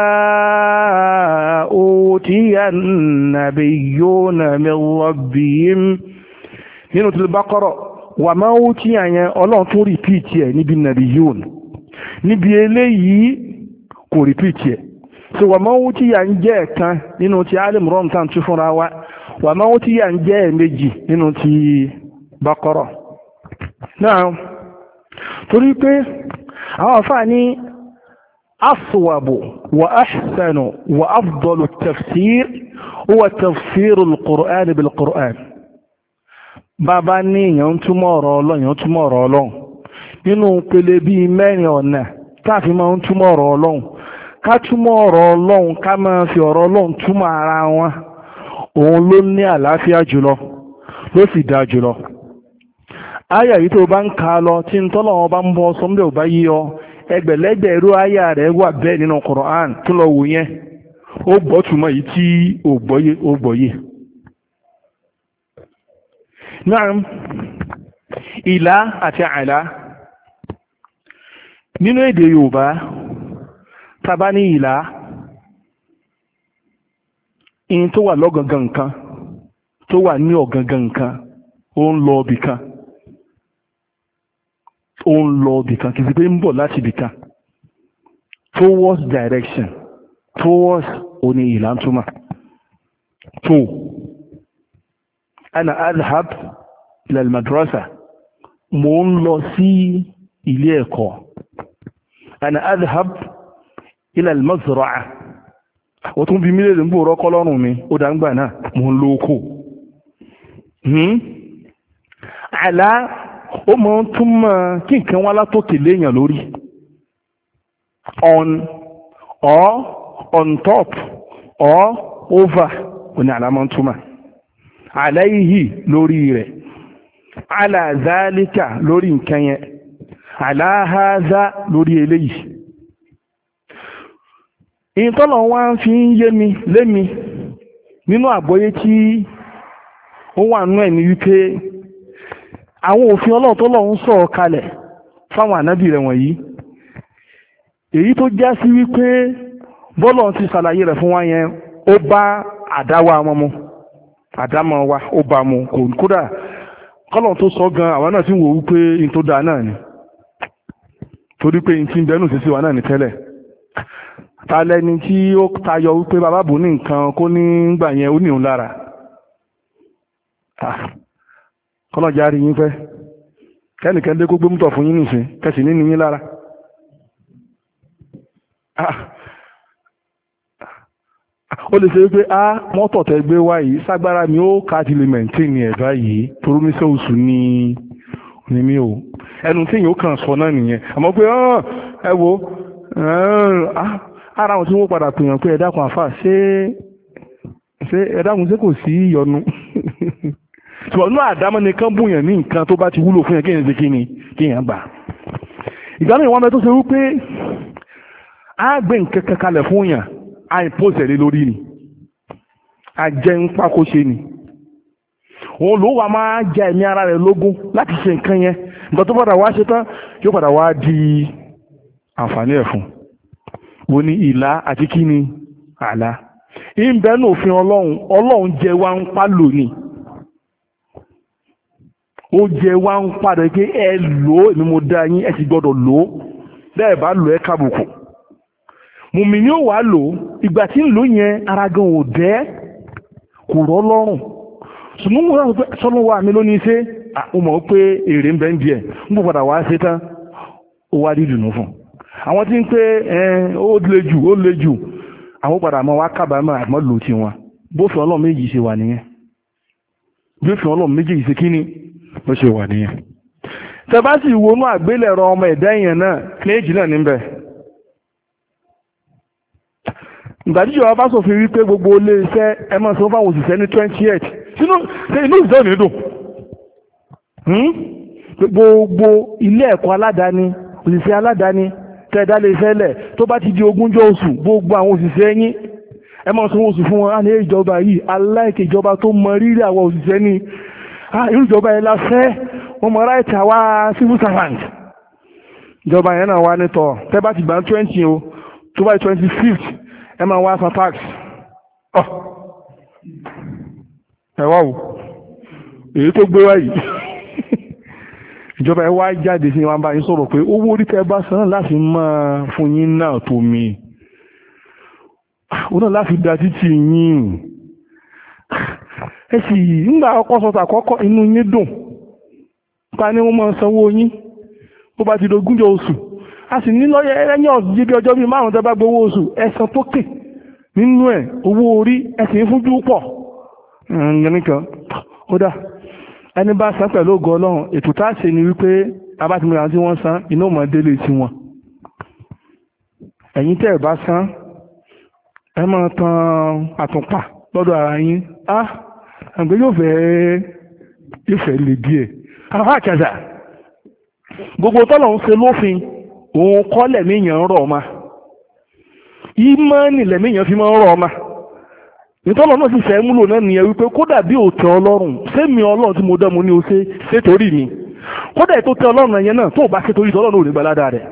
أوتي النبيون من ربهم nínú tí Baqara wà máa ó tí àyẹn ọlọ́run tún rìpíìtì ẹ̀ níbi nàbíyún níbi eléyìí kò rìpíìtì ẹ̀ so wà máa ó tí yà ń jẹ́ ẹ̀kan nínú ti alimron tán tún fúnra wa wà máa ó tí yà ń jẹ́ ẹ̀mejì nínú ti Baqara náà torí pé àwọn àfáà ní aswabu wa ahsanu wa afdalu tafsir huwa tafsir al-qur'an bil-qur'an bàbá ní èèyàn túmọ̀ ọ̀rọ̀ ọlọ́run èèyàn túmọ̀ ọ̀rọ̀ ọlọ́run nínú pele bíi mẹ́rin ọ̀nà táàfin máa ń túmọ̀ ọ̀rọ̀ ọlọ́run ká túmọ̀ ọ̀rọ̀ ọlọ́run ká máa fi ọ̀rọ̀ ọlọ́run túmọ̀ ara wọn òun ló ní àlàáfíà jùlọ ló sì dáa jùlọ. aya yìí tó bá ń ka lọ tí n tọ́lọ̀ ọba bá ń bọ́ sọ́mbẹ́ ò bá yí ọ ẹgbẹ̀lẹ́gbẹ̀ irú áyà rẹ̀ wà bẹ́ẹ̀ nínú Qur'an tó lọ wò yẹn ó gbọ́ túmọ̀ yìí tí ó gbọ́yé ó gbọ́yé. náà ìlà àti àìlà nínú èdè Yorùbá tàbá ní ìlà ìyìn tó wà lọ́gangan nǹkan tó wà ní ó ń lọ ibì kan ó ń lọ ibìkan kìí pé ń bọ̀ láti ibìkan towards direction towards òní ìlàntúmọ̀ tó ana adhab ila mo ń lọ sí ilé ẹ̀kọ́ ana adhab ila almazra'a tún bí mílẹ̀ ń bòrọ́ kọ́lọ́rùn mi ó dá ń gbà náà mo ń lóókò hmm? ala ó máa ń túmọ̀ kí nǹkan wá látòkè léèyàn lórí on or on top or over òní àlámọ́ ń túmọ̀ aláìhì lórí rẹ̀ aláàzálíkà lórí nǹkan yẹn aláhàzá lórí eléyìí ìtọ́lọ̀ wá ń fi ń yé mi lé mi nínú àgbọ́yé tí ó wà nú ẹ̀ ní wípé àwọn òfin ọlọ́run tó lọ́run sọ̀ kalẹ̀ fáwọn ànábì rẹ̀ wọ̀nyí èyí tó já sí wípé bọ́lọ̀ ti ṣàlàyé rẹ̀ fún wa yẹn ó bá àdáwà wọn mu àdámọ̀ wa ó mu kò kódà tó sọ gan àwọn náà ti wò wípé n tó dáa náà ni torí pé n ti wa náà ni tẹ́lẹ̀ ta lẹni tí ó tayọ wípé bàbá bò ní nǹkan kó ní kọ́lọ̀já rí yín fẹ́ kẹ́nìkan lé gbogbo mútọ̀ fún yín nìsín kẹsì ní nìyí lára ah. Ah. ó lè ṣe wípé a ah, mọ́tọ̀ tẹ gbé wá yìí ságbára mi ó ká ti lè mẹ̀ntínì ẹ̀ báyìí torú mi sóòsù ni ni mi ò ẹnu tí yìí ó kàn sọ náà nìyẹn àmọ́ pé ẹ wo ara àwọn tí wọ́n padà pèèyàn pé ẹ dákun àfà ṣé ẹ dákun ṣé kò sí ìyọnu ṣùgbọ́n náà àdámọ́ ni kán bùyàn ní nǹkan tó bá ti wúlò fún yẹn kéèyàn ṣe kíni kéèyàn gbà ìgbà míì wọn bẹ tó ṣe wípé á gbé nǹkan kan fún yàn á impose lé lórí ni á jẹ́ ń pákó ṣe ni òun ló wà máa ja ẹ̀mí ara rẹ̀ lógún láti ṣe nǹkan yẹn nǹkan tó padà wá ṣe tán yóò padà wá di àǹfààní ẹ̀ fún wo ni ìlà àti kíni àlà ìbẹ́nu òfin ọlọ́run ọlọ́run jẹ wá ń pa ni. oúnjẹ wa ń padà pé ẹ lò ó èmi mo dá yín ẹ ti gbọ́dọ̀ lò ó bẹ́ẹ̀ bá lò ẹ kábùkù mùmí ni ó wà lò ìgbà wa mi lónìí ṣe mo mọ̀ pé èrè ń bẹ́ ń ń padà wá ṣe tán ó wá fún àwọn tí ń pé ó le jù ó le jù àwọn padà wá kábàámọ̀ àmọ́ lò ó ṣe wà nìyẹn tẹ́bá sì wọnú àgbélẹ̀rọ ọmọ ẹ̀dá èèyàn náà méjì náà níbẹ̀ ìgbàdíjọba bá ṣòfin wípé gbogbo ilé iṣẹ́ ẹ máa san fáwọn òṣìṣẹ́ ní twenty eight sínú inú ìṣẹ́ òní dùn hmm? gbogbo ilé ẹ̀kọ́ aládàáni òṣìṣẹ́ aládàáni tẹ́ẹ̀dá lè fẹ́lẹ̀ tó bá ti di ogúnjọ́ oṣù gbogbo àwọn òṣìṣẹ́ yín ẹ máa sanwó oṣù fún wọn á ní ìjọba yìí aláìkèjọba tó mọ rírì àwọn òṣìṣẹ́ ní irújọba yẹn lásẹ́ wọ́n mọ ráìtì àwa civil servant ìjọba yẹn náà wá nítọ̀ tẹ́ bá ti gbà twenty o tó bá twenty fifth ẹ máa wá san tax ọ ẹ wá o èyí tó gbé wá yìí ìjọba ẹ wá jáde sí wọn bá yín sọ̀rọ̀ pé owó orí tẹ́ bá láti máa fún yín náà tó mi ah, òun náà láti da títì yín ẹ sì ńgbà ọkọ̀ sọ̀tà àkọ́kọ́ inú yín dùn pa ni wọ́n máa sanwó yín bó bá ti dogúnjọ oṣù a sì ní lọ́yẹ ẹlẹ́yìn ọ̀sùn jíbi ọjọ́ bíi márùn-ún tẹ́ bá gbowó oṣù ẹ̀sán tó kè nínú ẹ̀ owó orí ẹ̀sìn fúnjú pọ̀ hmm, nǹkan ó dà ẹni bá san pẹ̀lú ògo ọlọ́run ètò tá a ṣe ni wípé abátimọ̀lá tí wọ́n san iná mọ̀ délé sí wọn ẹ̀yin tẹ́ ẹ̀ bá san ẹ máa tan àtùpà lọ́dọ̀ ara yín ah àgbẹ̀ yóò fẹ́ ìfẹ́ lè díẹ̀ àwọn àkàzà gbogbo tọ́lọ̀ ń ṣe lófin òun kọ́ lẹ́mìyàn ń rọ̀ ọ̀ma ìmọ̀ọ́nì lẹ́mìyàn fi máa ń rọ̀ ọ̀ma ìtọ́lọ̀ náà sì fẹ́ múlò náà nìyẹn wípé kódà bí òtẹ́ ọlọ́run sẹ́mi ọlọ́run tí mo dá mo ní o ṣe ṣe torí mi kódà ètò tẹ ọlọ́run yẹn náà tó bá ṣe torí tọ́lọ́run ò ní gbalada rẹ̀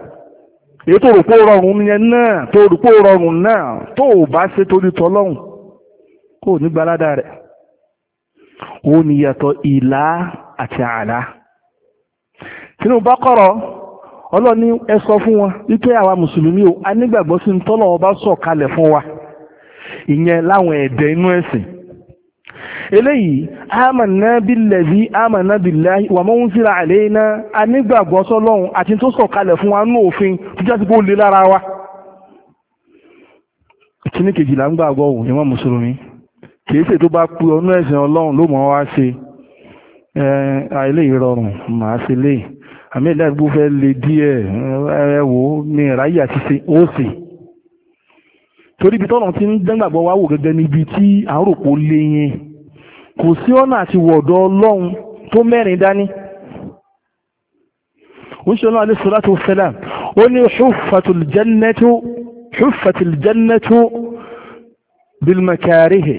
ètò òrùpó rọrùn yẹn náà tó òrùpó rọrùn náà tó bá ṣe torí tọ́lọ́run kò ní gbalada rẹ̀ òun ni yàtọ̀ ìlà àti àlà sínú bákọ̀rọ̀ ọlọ́ni ẹ sọ fún wọn wípé àwa o a nígbàgbọ́ sí ń tọ́lọ̀ ọba sọ̀ kalẹ̀ fún wa ìyẹn láwọn ẹ̀dẹ̀ inú ẹ̀sìn eléyìí amànà bílẹ̀bí amànà bílẹ̀ ń síra àlẹ́ iná a nígbàgbọ́ sọ́lọ́run àti tó sọ̀ kalẹ̀ fún wa nú òfin tó wa ń gbàgbọ́ òun ìwọ̀n kìí ṣe tó bá pé ọnú ẹ̀sìn ọlọ́run ló mọ̀ wá ṣe àìlè ìrọ̀rùn màá ṣe lè àmì ìlà ìgbó fẹ́ lè díẹ̀ ẹ wò ó ní ìráyè àti ṣe ó sì torí ibi tọ́nà ti ń dẹ́gbàgbọ́ wá wò gẹ́gẹ́ níbi tí àròpọ̀ lè yẹn kò sí ọ̀nà àti wọ̀dọ̀ ọlọ́run tó mẹ́rin dání ó ń ṣe ọlọ́run alẹ́ sọ́lá tó fẹ́lá ó ní ṣùfàtìlìjẹ́nẹ́tò ṣùfàtìlìjẹ́nẹ́tò bílmẹ̀kẹ́rìhẹ̀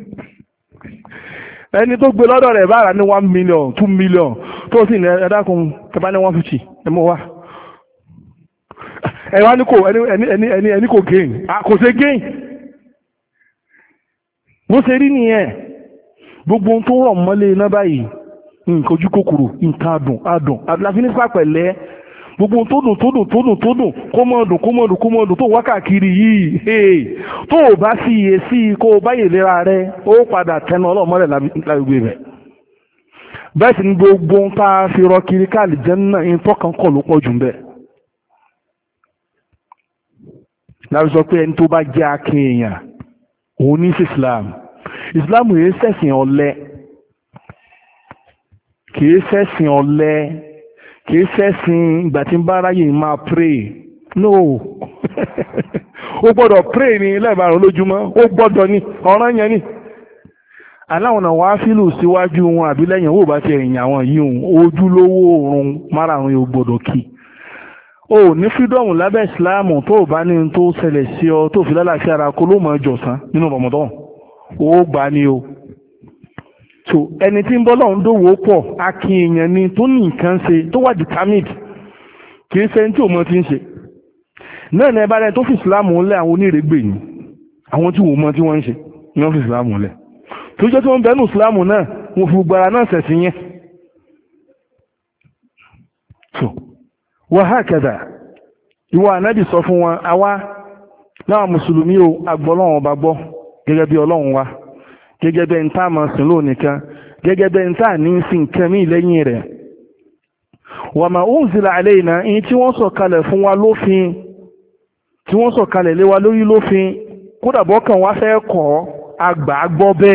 ẹni tó gbé lọ́dọ̀ rẹ̀ bára ní one million two million tó sì ní ẹ̀dákun tẹ́bá ní one fifty ẹ̀ mọ́ wá. ẹ̀rọ ẹni kò ẹni ẹni ẹni ẹni kò gain kò ṣe gain bó ṣe rí nìyẹn gbogbo ohun tó rọ̀ mọ́lé iná báyìí nǹkan ojú kòkòrò nǹkan adùn adùn àti láfi nípa pẹ̀lẹ́ gbogbo tó dùn tó dùn tó dùn tó dùn kó mọ́ dùn kó mọ́ dùn kó mọ́ dùn tó wá yìí tó o bá sì yẹ sí i kó o bá yè lera rẹ ó padà tẹnu ọlọ́mọdé lágbègbè rẹ̀ bẹ́ẹ̀ sì ni gbogbo ń ta fi rọ kiri káàlì jẹ́ náà ń tọ́kàn kọ̀ ló pọ̀ jù bẹ́ẹ̀. láti sọ pé ẹni tó bá jẹ́ akin èèyàn òun ní sí Islam Islam yìí sẹ̀sìn ọ̀lẹ kì í sẹ̀sìn ọ̀lẹ kìí sẹ́sìn ìgbà tí ń bá ráyè máa pray no ó gbọ́dọ̀ pray ní lẹ́ẹ̀márùn lójúmọ́ ó gbọ́dọ̀ ní ọ̀ràn yẹn ni aláwọn náà wàá fílù síwájú wọn àbí lẹ́yìn owó bá ti ẹ̀yìn àwọn yìí ojúlówó oorun márààrún yóò gbọ́dọ̀ kì o ní fídọ́ọ̀mù lábẹ́ ìsìláàmù tó bá ní tó ṣẹlẹ̀ sí ọ tó fi lálàáfíà ara kó ló mọ̀ ọjọ́ sán nínú rọ̀mọ́dọ́n ó gbà ní o so ẹni tí ń bọ́ lọ́hún dòwò pọ̀ akínyàn ni tó ní nǹkan ṣe tó wà determined kì í ṣe ní tí òun ti ń ṣe náà ní ẹ bá rẹ tó fi ìsìláàmù ńlẹ̀ àwọn onírègbè ni àwọn tí wò mọ tí wọ́n ń ṣe ni wọ́n fi ìsìláàmù ńlẹ̀ tó jẹ́ tí wọ́n ń bẹ́nu ìsìláàmù náà wọ́n fi gbàrà náà ṣẹ̀sìn yẹn so wàhákẹ́dà ìwọ ànábì sọ fún wọn àwa láwọn mùsùlùmí o agbọ́lọ́wọ́n ọba gbọ́ gẹ́gẹ́ bí ọlọ́run wa gẹ́gẹ́ bẹ́ẹ̀ ń tá sùn nìkan gẹ́gẹ́ bẹ́ẹ̀ ń tá sí nǹkan mí lẹ́yìn rẹ̀ wà máa ń zìlà àlẹ́ wa lófin tí wọ́n wa lórí lófin kódà wá fẹ́ kọ́ àgbà gbọ́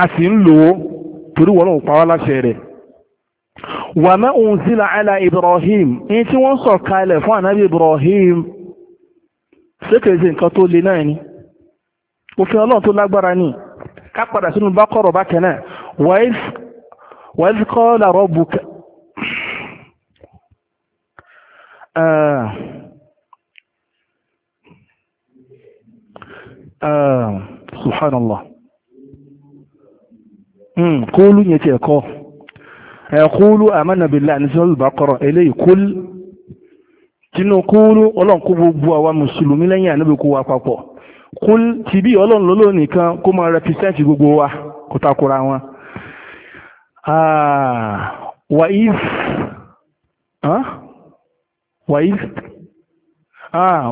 a sì ń lò ó wọn ò pa wá láṣẹ rẹ̀ wà máa ń àlẹ́ Ibrahim tí wọ́n fún anabi Ibrahim sékèèzì nǹkan tó le náà ni òfin ni ká padà sínú Baqara bákan náà wa idh qala rabbuka ah, ah, subhanallah kúlù hmm, yẹn ti ẹ̀kọ́ ẹ̀kúlù amanna billahi ní sọ́lù Baqara eléyìí kúlù tínú kúlù ọlọ́nkú gbogbo àwa mùsùlùmí lẹ́yìn ànábìkú wa papọ̀ kúl ti bí ọlọ́run lóló nìkan kó máa gbogbo wa kó takora wọn wàíf wàíf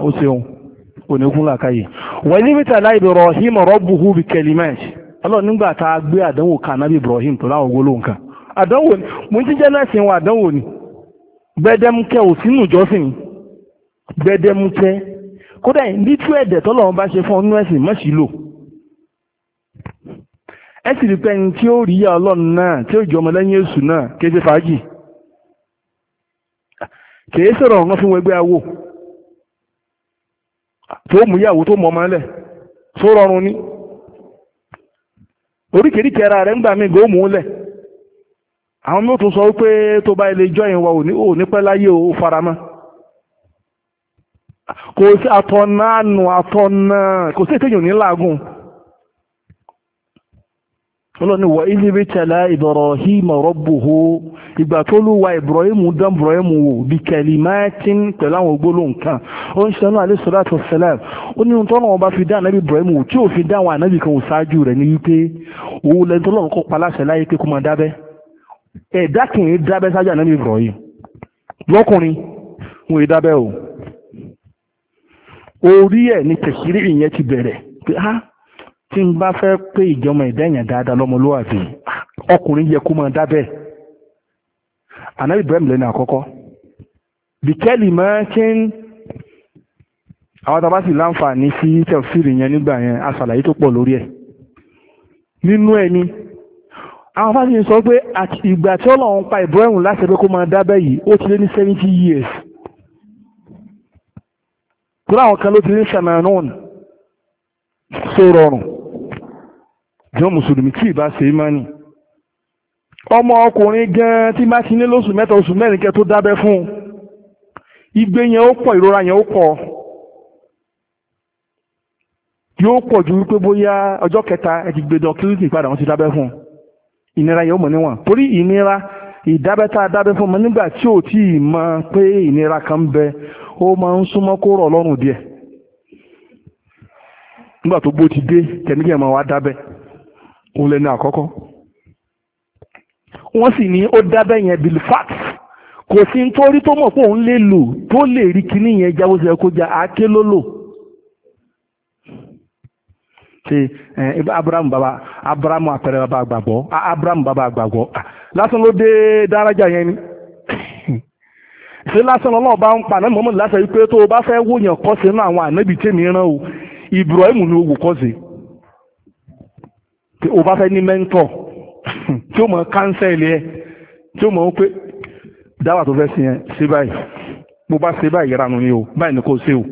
o ṣeun onígun làkàyè wàíf tàlá Ibrahim rabbuhu bi kalimat ọlọ́run nígbà tá a gbé àdánwò kan náà bí Ibrahim tó láwọn gbólóhùn kan àdánwò ni mo ti jẹ́ náà sìn wọn àdánwò ni gbẹdẹmukẹ ò sínú kódà nítú ẹ̀dẹ̀ tọ́lọ́run bá ṣe fún ọdún ẹ̀sìn mọ́ṣí lò ẹ sì rí pẹ́ni tí ó rí ìyá ọlọ́run náà tí ó jọ ọmọ lẹ́yìn èṣù náà kéde fàájì kèé sọ̀rọ̀ ọ̀ràn fún ẹgbẹ́ awo tó mú ìyàwó tó mọ̀ ọmọlẹ̀ tó rọrùn ní oríkèéríkè ara rẹ̀ ń gbà mí àwọn tó bá wa ò ní pẹ́ láyé kò sí àtọ̀nà àánú àtọ̀nà kò sí ètò ìyọ̀ní làágùn ọlọ́ni wà ìlébé tẹ̀lá Ibrahim rabbuhu ìgbà tó ló wa Ibrahim dán Ibrahim wò bí kalimatin pẹ̀lú àwọn ògbólóhùn kan ó ń ṣe alayhi salatu wassalam ó ní ohun tọ́nà wọn bá fi dá ànábì Ibrahim wò tí ò fi dá àwọn ànábì kan wò ṣáájú rẹ̀ ní wípé òun lẹ́ni tọ́lọ́run kọ́ paláṣẹ láyé pé kó máa dábẹ́ ẹ̀dá kìí dábẹ́ ṣáájú ànábì orí ẹ̀ ní tẹ̀sírí ìyẹn ti bẹ̀rẹ̀ pé á tí n bá fẹ́ pé ìjọmọ ìdẹ́yìn dáadáa lọ́mọlúwàbí ọkùnrin yẹ kó máa dábẹ́ ànábì Ibrahim lẹ́nu àkọ́kọ́ bìkẹ́lì máa kí ń àwọn tàbá sì láǹfààní sí tẹ̀sírí yẹn nígbà yẹn aṣàlàyé tó pọ̀ lórí ẹ̀ nínú ẹni àwọn fásitì sọ pé ìgbà tí Ọlọ́run pa Ibrahim láti ẹgbẹ́ kó máa dábẹ́ yìí ó ti lé ní seventy years torí àwọn kan ló ti ń ṣàmàánún so rọrùn jọ mùsùlùmí tí ìbá ṣe ìmánì ọmọ ọkùnrin gan tí má ti ní lóṣù mẹ́ta oṣù mẹ́rin kẹ tó dábẹ́ fún igbe yẹn ó pọ̀ ìrora yẹn ó pọ̀ yóò pọ̀ ju wípé bóyá ọjọ́ kẹta ẹ ti gbé dán kílíìkì padà wọ́n ti dábẹ́ fún ìnira yẹn ó mọ̀ níwọ̀n torí ìnira ìdábẹ́ta dábẹ́ fún ọmọ nígbà tí ò tí ì pé ìnira kan bẹ ó ma ń súnmọ́ kó rọ̀ lọ́rùn díẹ̀ nígbà tó ti dé tẹ̀míkì ma máa wá dábẹ́ òun lẹ́nu àkọ́kọ́ wọ́n sì ní ó dábẹ́ yẹn bill fax kò sí nítorí tó mọ̀ pé òun lè lò tó lè rí kinní yẹn jáwó sí ẹkọ àáké ló lò ṣe abrahamu baba abrahamu apẹrẹ baba àgbàgbọ́ abrahamu baba àgbàgbọ́ lásán ló dé dárájà yẹn ni. ṣé lásán ọlọ́run bá ń pa ànábì Muhammad láṣẹ wípé tó o bá fẹ́ wòyàn kọ́ sí inú àwọn ànábì tèmi rán o Ibrahim ni o wò kọ́ sí o bá fẹ́ ní mẹ́ńtọ̀ tí o mọ̀ káńsẹ̀lì ẹ̀ tí o mọ̀ pé dáwà tó fẹ́ sí yẹn ṣe báyìí mo bá ṣe báyìí ránu ni o báyìí ni kò ṣe o.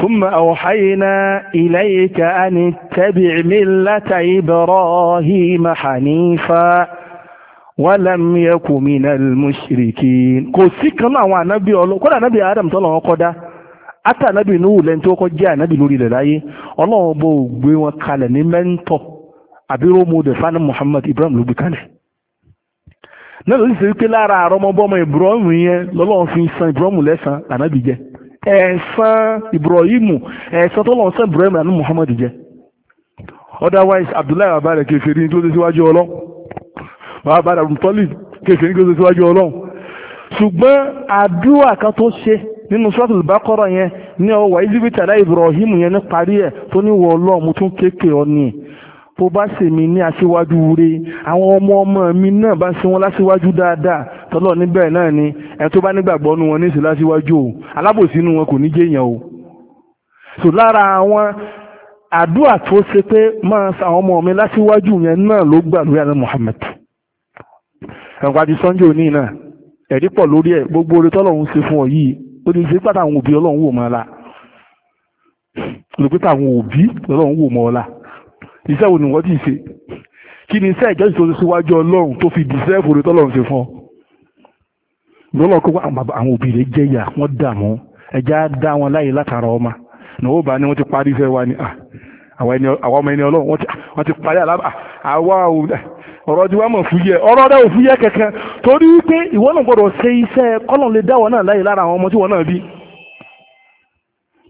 ثم أوحينا إليك أن اتبع ملة إبراهيم حنيفاً walam yaku minal mushrikin kò sí kan náà àwọn ànábì ọlọ́ kódà adam tọ́lọ̀ wọn kọ́dá átà ànábì inú lẹ́ni tó kọ́ jẹ́ ànábì lórí ilẹ̀ láyé bó wọn kalẹ̀ ní mẹ́ńtọ̀ àbí rómù dẹ̀fánà muhammad ibrahim ló gbé kalẹ̀ náà pé lára ibrahim yẹn san ibrahim jẹ ibrahim tó muhammad jẹ otherwise abdullahi bàbá àdàbùtọ́lì kéèké ní gbèsè síwájú ọlọ́run ṣùgbọ́n àdúrà kan tó ṣe nínú sọ́tù bákọ́rọ̀ yẹn ní ọwọ́ ìdíbi tàdá Ibrahim yẹn ní parí ẹ̀ tó ní wọ ọlọ́run mo tún kéèké ọ ní tó bá ṣe mí ní aṣíwájú rẹ àwọn ọmọ ọmọ mi náà bá ṣe wọn láṣíwájú dáadáa tọ́lọ̀ níbẹ̀ náà ni ẹ tó bá nígbàgbọ́ nu wọn níṣe láṣíwájú o alábòsí nu wọn kò ní jẹ́ èèyàn o so lára àwọn àdúrà tó ṣe pé máa sa àwọn ọmọ mi láṣíwájú yẹn náà ló gbàlúyà ní Muhammad ẹ̀ǹkà ti sọ́njẹ́ òní náà ẹ̀rí pọ̀ lórí ẹ̀ gbogbo oore tọ́lọ́run ṣe fún ọ yìí ó ní ṣe pàtàkì àwọn òbí ọlọ́run wò mọ́ ọ́la olùpẹ́tà àwọn òbí ọlọ́run wò mọ́ ọ́la iṣẹ́ wo ni wọ́n ti ṣe kí ni iṣẹ́ ìjọ́sìn tó ṣe síwájú ọlọ́run tó fi dìṣẹ́ fòrè tọ́lọ́run ṣe fún ọ lọ́lọ́ kó àwọn òbí rẹ̀ jẹ́yà wọ́n dààmú ẹja dá wọn láyé látara ọmọ náà ó bá ní wọ́n ti parí iṣẹ́ wa ni ah, àwa ọmọ ẹni ọlọ́run wọ́n ti parí àlábà ah, àwa òun ọ̀rọ̀ ti wá mọ̀ fúyẹ́ ọ̀rọ̀ rẹ̀ ò fúyẹ́ kankan torí pé ìwọ náà gbọ́dọ̀ ṣe iṣẹ́ kọ́lọ̀ lè dá wọn náà láyé lára àwọn ọmọ tí wọn náà bí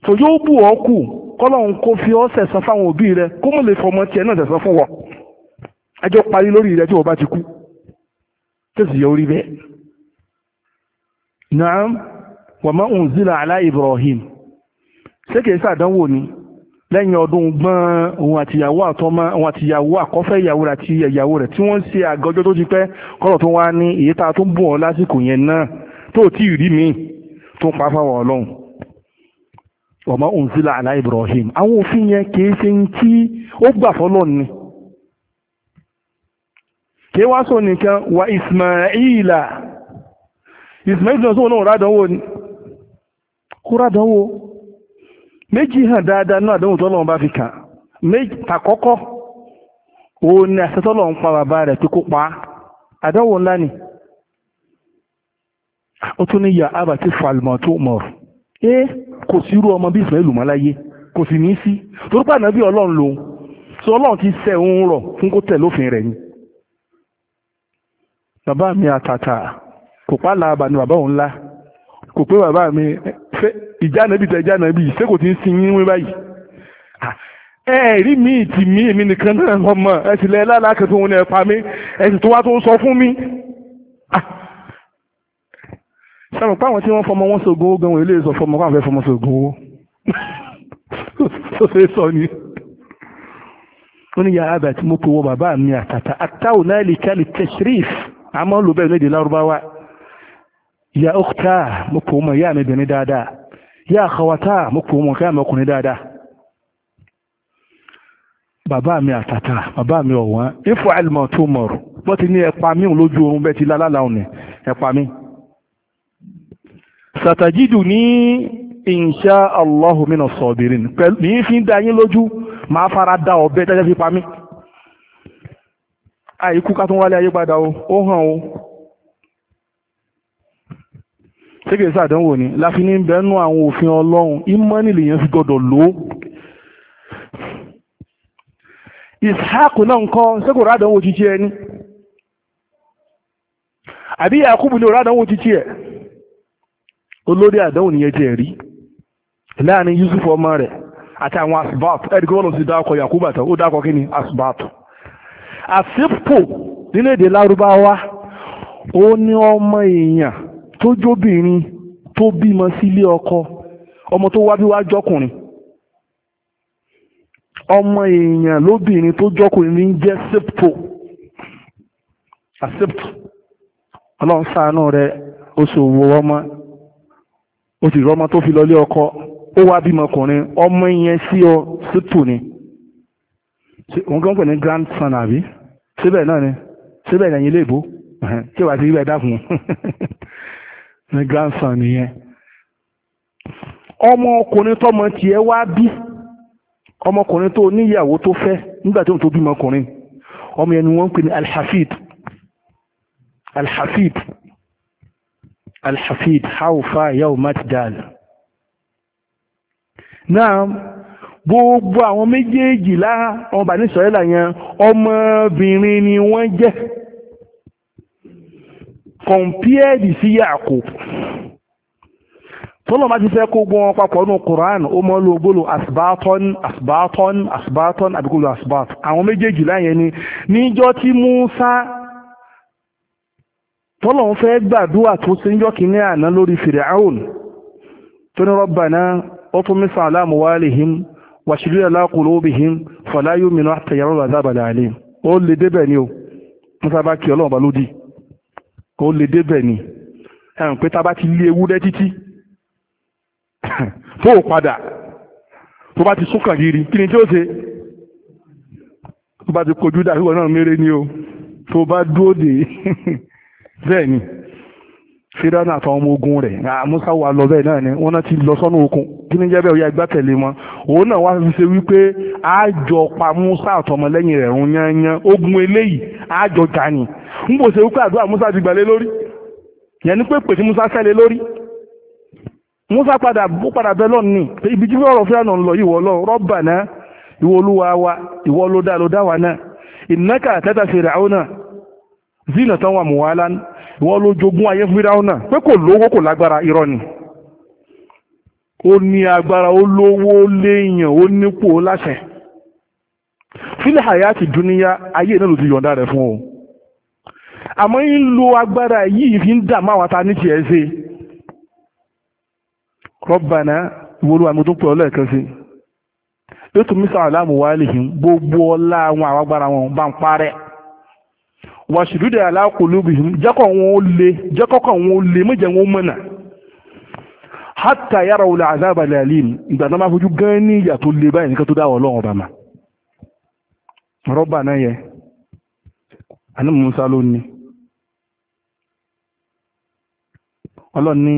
tò yóò bù ọ́ kù kọ́lọ̀ ń kó fi ọ́ sẹ̀sán fáwọn òbí rẹ kó mọ̀ lè fọmọ tiẹ̀ náà sẹ̀sán fún wọn ẹjọ́ parí lórí rẹ tí wọ́n bá ti kú tẹ̀sí yóò rí bẹ́ẹ̀. naam wàmọ́ unzila ala Ibrahim ṣé kìí sàdánwò ni lẹ́yìn ọdún gbọ́n òun àtìyàwó àtọ́mọ́ òun àtìyàwó àkọ́fẹ́ ìyàwó rẹ̀ àti ìyàwó rẹ̀ tí wọ́n ń ṣe àgọ́jọ́ tó ti pẹ́ kọ́lọ̀ tó wá ní èyí tá a tó ń bùn ọ́ lásìkò yẹn náà tó tí ì rí mi tó ń pa fáwọn ọlọ́run ọmọ òǹsílà àlá Ibrahim àwọn òfin yẹn kì í ṣe ń tí ó gbà fọ́lọ́ ni kì í wá sọ nìkan wa Ismaila Ismaila náà sọ náà rádánwò ni kó rádánwò méjì hàn dáadáa náà àdéhùn tọ́lọ́run bá fi kàn méjì àkọ́kọ́ òun ni àṣetọ́lọ́run pa bàbá rẹ̀ pé kó pa á àdánwò ńlá ni ó tún ní yà ábà tí falmọ̀ tó mọ̀ ẹ́ kò sí irú ọmọ bí Ismail mọ́ láyé kò sì ní sí torípà náà bí ọlọ́run lòun tí ọlọ́run ti sẹ́ òun rọ̀ fún kó tẹ̀ lófin rẹ̀ ni bàbá mi àtàtà kò pààlà àbà ni bàbá òun ńlá kò pé bàbá mi fẹ́ ìjà nàbì tẹ ìjà nàbì ṣé kò ti ń sin yín wí báyìí ẹ̀rí mi ti mí èmi nìkan náà ọmọ ẹ̀sìn lẹ́ lálàkẹ́ tó ń pa mí ẹ̀sìn tó wá tó sọ fún mi sọ̀rọ̀ pé àwọn tí wọ́n fọmọ wọn sógun owó gan wọn ilé ìsọ̀ fọmọ wọn fẹ́ fọmọ sógun owó tó fẹ́ sọ ni ó ní ya abẹ àti mọ́tò wọ bàbá mi àtàtà àtàwọn náà lè kálí tẹ̀sírìf àmọ́ lò bẹ́ẹ̀ lédè lárúbáwá ya ọkùtà mo kò mọ̀ ìyá mi bìnrin dáadáa ya àkọwàtà mo kò mọ̀ ìyá mi ọkùnrin dáadáa bàbá mi àtàtà bàbá mi ọ̀wọ́n ifo àlùmọ̀ tó mọ̀rọ̀ wọ́n ti ní ẹ̀pà mi lójú oorun bẹ́ẹ̀ ti lálálà òní ẹ̀pà mi sàtàjídù ní insha allahu mina sọ̀bìrín pẹ̀lú ní fi ń da yín lójú máa fara da ọ̀bẹ tẹ́tẹ́ fi pa mí àìkú ká tún wálé ayé padà ó hàn o ṣé kìí ṣàdánwò ni láfi ní bẹ́ẹ̀nù àwọn òfin ọlọ́run ìmánì lèèyàn fi gbọ́dọ̀ lò ìsáàkù náà nǹkan ṣé rádánwò títí ẹni àbí yakubu ni rádánwò títí ẹ olórí àdánwò nìyẹn tiẹ̀ rí láàrin yusuf ọmọ rẹ̀ àti àwọn asbat ẹni kí wọ́n dákọ̀ yakubu àtàwọn ó dákọ̀ kí ni asbat àsìpò nílẹ̀ èdè lárúbáwá ó ní ọmọ èèyàn tó jóbìnrin tó bímọ sílé ọkọ ọmọ tó wá bí wá jọkùnrin ọmọ èèyàn lóbìnrin tó jọkùnrin ní jẹ́ septo asepto ọlọ́run ṣàánú rẹ̀ ó sì wọ ọmọ ó sì rọ́mọ tó fi lọlé ọkọ ó wá bímọ ọkùnrin ọmọ yẹn sí ọ septo ni òun kan pè ní grandson àbí síbẹ̀ náà ni síbẹ̀ lẹ́yìn ilé ìbò tí wàá ti rí dákun ní grandson nìyẹn ọmọ ọkùnrin tọmọ tiẹ̀ wá bí ọmọkùnrin tó níyàwó tó fẹ́ nígbà tó ń tó bímọ ọkùnrin ọmọ yẹn ni wọ́n ń pè ní alhafid alhafid alhafid haufa yau matdal náà gbogbo àwọn méjèèjì lára ọmọ bàní sọ̀rẹ́là yẹn ọmọbìnrin ni wọ́n jẹ́ compared sí Yakub tọ́lọ̀ bá ti fẹ́ kó gbọ́n wọn papọ̀ nù Quran ó mọ́ ló gbólo asbaton asbaton asbaton àbíkúlò asbat àwọn méjèèjì láyẹn ni níjọ́ tí Musa tọ́lọ̀ ń fẹ́ gbàdúrà tó ṣe níjọ́ kìíní àná lórí Fir'aun tó ní Rabbana ọtúnmísà aláàmúwálìhìm wàṣílú aláàkùlóbìhìm fọláyọmìnà àtẹyàrọ̀ àzábàlẹ̀ àlè ó lè débẹ̀ ni ó Musa bá kí ọlọ́run bá kó lè débẹ̀ ni ẹ̀rùn pé tá bá ti lé ewúrẹ́ títí tó o padà tó bá ti súnkàn yìí rí kí ni tí ó ṣe tó bá ti kojú dà wíwọ náà méré ni o tó bá dúró dè bẹ́ẹ̀ ni fídánà àtàwọn ọmọ ogun rẹ̀ Musa wà lọ bẹ́ẹ̀ náà ni wọ́n náà ti lọ sọ́nà okun kí ni jẹ́ bẹ́ẹ̀ agbátẹ̀lé wọn òun náà wá fi ṣe wípé àjọ pa Musa àtọmọlẹ́yìn rẹ̀ run yányán ogun eléyìí àjọ jà ni ń bò ṣe wípé àdúrà Musa ti gbàlé lórí yẹn ni pé pè tí Musa sẹ́lẹ̀ lórí Musa padà ó padà bẹ́ lọ́nù ni ibi tí ọ̀rọ̀ fẹ́ nà ń lọ ìwọ lọ rọ́bà náà ìwọ olúwa wa ìwọ ló dá ló dá wa náà ìnáka tẹ́tà fèrè àwọn náà zina tán wà mùwálá ìwọ ló jogún ayé fún ìdáhùn náà pé kò lówó kò lágbára irọ́ ni ó ní agbára ó lówó léèyàn ó nípò láṣẹ fílẹ̀ àyà ti dúníyà ayé náà ló ti yọ̀ǹda rẹ̀ fún òun àmọ́ ń lo agbára yìí fi ń dà máa wà ta ní tiẹ̀ ṣe rọ́bànà ìwòlú àmì tó pè ọ́ lẹ́ẹ̀kan sí yóò tún mísà aláàmù wà lè hìn gbogbo ọlá àwọn àwágbára wọn bá ń parẹ́ wàṣìlúdẹ̀ aláàkólóbì jẹ́kọ̀ wọn ó le jẹ́kọ̀kọ̀ wọn ó le méjẹ̀ wọn ó mọ̀nà hátà yára wọlé àzábàlẹ̀ alim ìgbà tó máa fojú gan ní ìyà tó le báyìí nìkan tó dáwọ̀ ọlọ́run ọba mà rọ́bànà àní Mùsá ló ọlọ́ni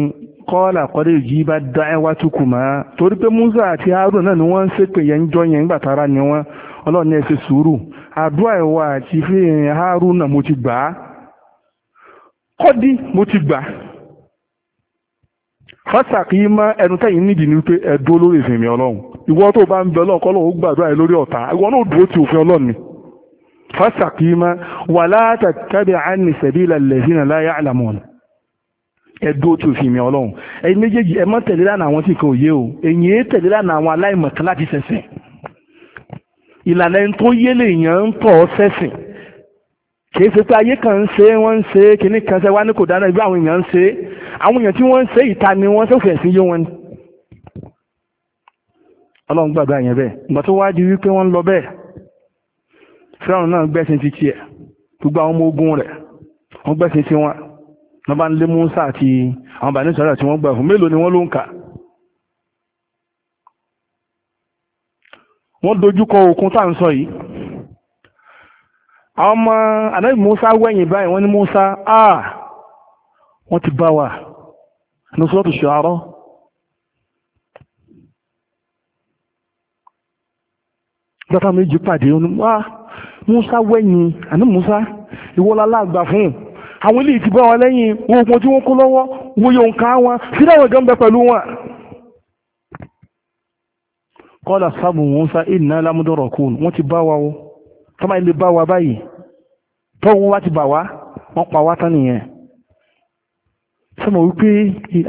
kọ́ọ̀là kọ́dé yìí bá dá ẹwà tukù máa torí pé Musa àti náà ni wọ́n ń ṣépè yẹn ń jọ yẹn ń gbàtara ni wọ́n ọlọ́ni ẹ ṣe sùúrù àdúrà ẹ̀wà àti fíhìn Harun náà mo ti gbà á kọ́dí mo ti gbà á fásitì yìí ẹnu tẹ́yìn nídìí ni pé ẹ̀dúró lórí ọlọ́run ìwọ tó bá ń bẹ ọlọ́run kọ́lọ́run ó gbàdúrà ẹ dúró tí òfin mi ọlọ́run ẹ̀yin méjèèjì ẹ má tẹ̀lé lánàá àwọn tí nǹkan òye o ẹ̀yin èé tẹ̀lé lánàá àwọn aláìmọ̀kan láti ṣẹ̀sìn ìlànà ẹni tó yé lèèyàn ń tọ̀ ọ́ ṣẹ̀sìn kìí ṣe pé ayé kan ń ṣe wọ́n ń ṣe kìíní kan ṣe wá ní kò dáná ibi àwọn èèyàn ń ṣe àwọn èèyàn tí wọ́n ń ṣe ìta ni wọ́n ṣòfò ẹ̀sìn yé wọn ni. ọlọ́run gbàdúrà yẹn ìgbà tó wá di wípé wọ́n ń lọ bẹ́ẹ̀ fẹ́ràn náà gbẹ́sìn ti tiẹ̀ gbogbo àwọn ọmọ ogun rẹ̀ wọ́n gbẹ́sìn tiwọn wọ́n bá ń lé Musa àti àwọn bàní sọ́rọ̀ tí wọ́n gbà fún mélòó ni wọ́n ló ń kà wọ́n dojúkọ òkun tá à ń sọ yìí àwọn ọmọ anábì Musa wẹ̀yìn báyìí wọ́n ní Musa a wọ́n ti bá wa ní sọ́ọ̀tù ṣọ́ọ́rọ́ dọ́tà méjì pàdé wọ́n ní Musa wẹ̀yìn àní Musa ìwọ́lá láàgbà fún un àwọn ilé ìtìbá wọn lẹ́yìn ogun tí wọ́n kó lọ́wọ́ wòye òǹkà wọn síláwọ̀ ìjọ ń bẹ pẹ̀lú wọn. kọ́lá sábù wọn sá ìnà lámúdọ̀rọ̀ kù wọ́n ti bá wa o tọ́mọ ilé bá wa báyìí tọ́wọ́n wá ti bà wá wọ́n pa wá tán nìyẹn. sọ́mọ̀ wípé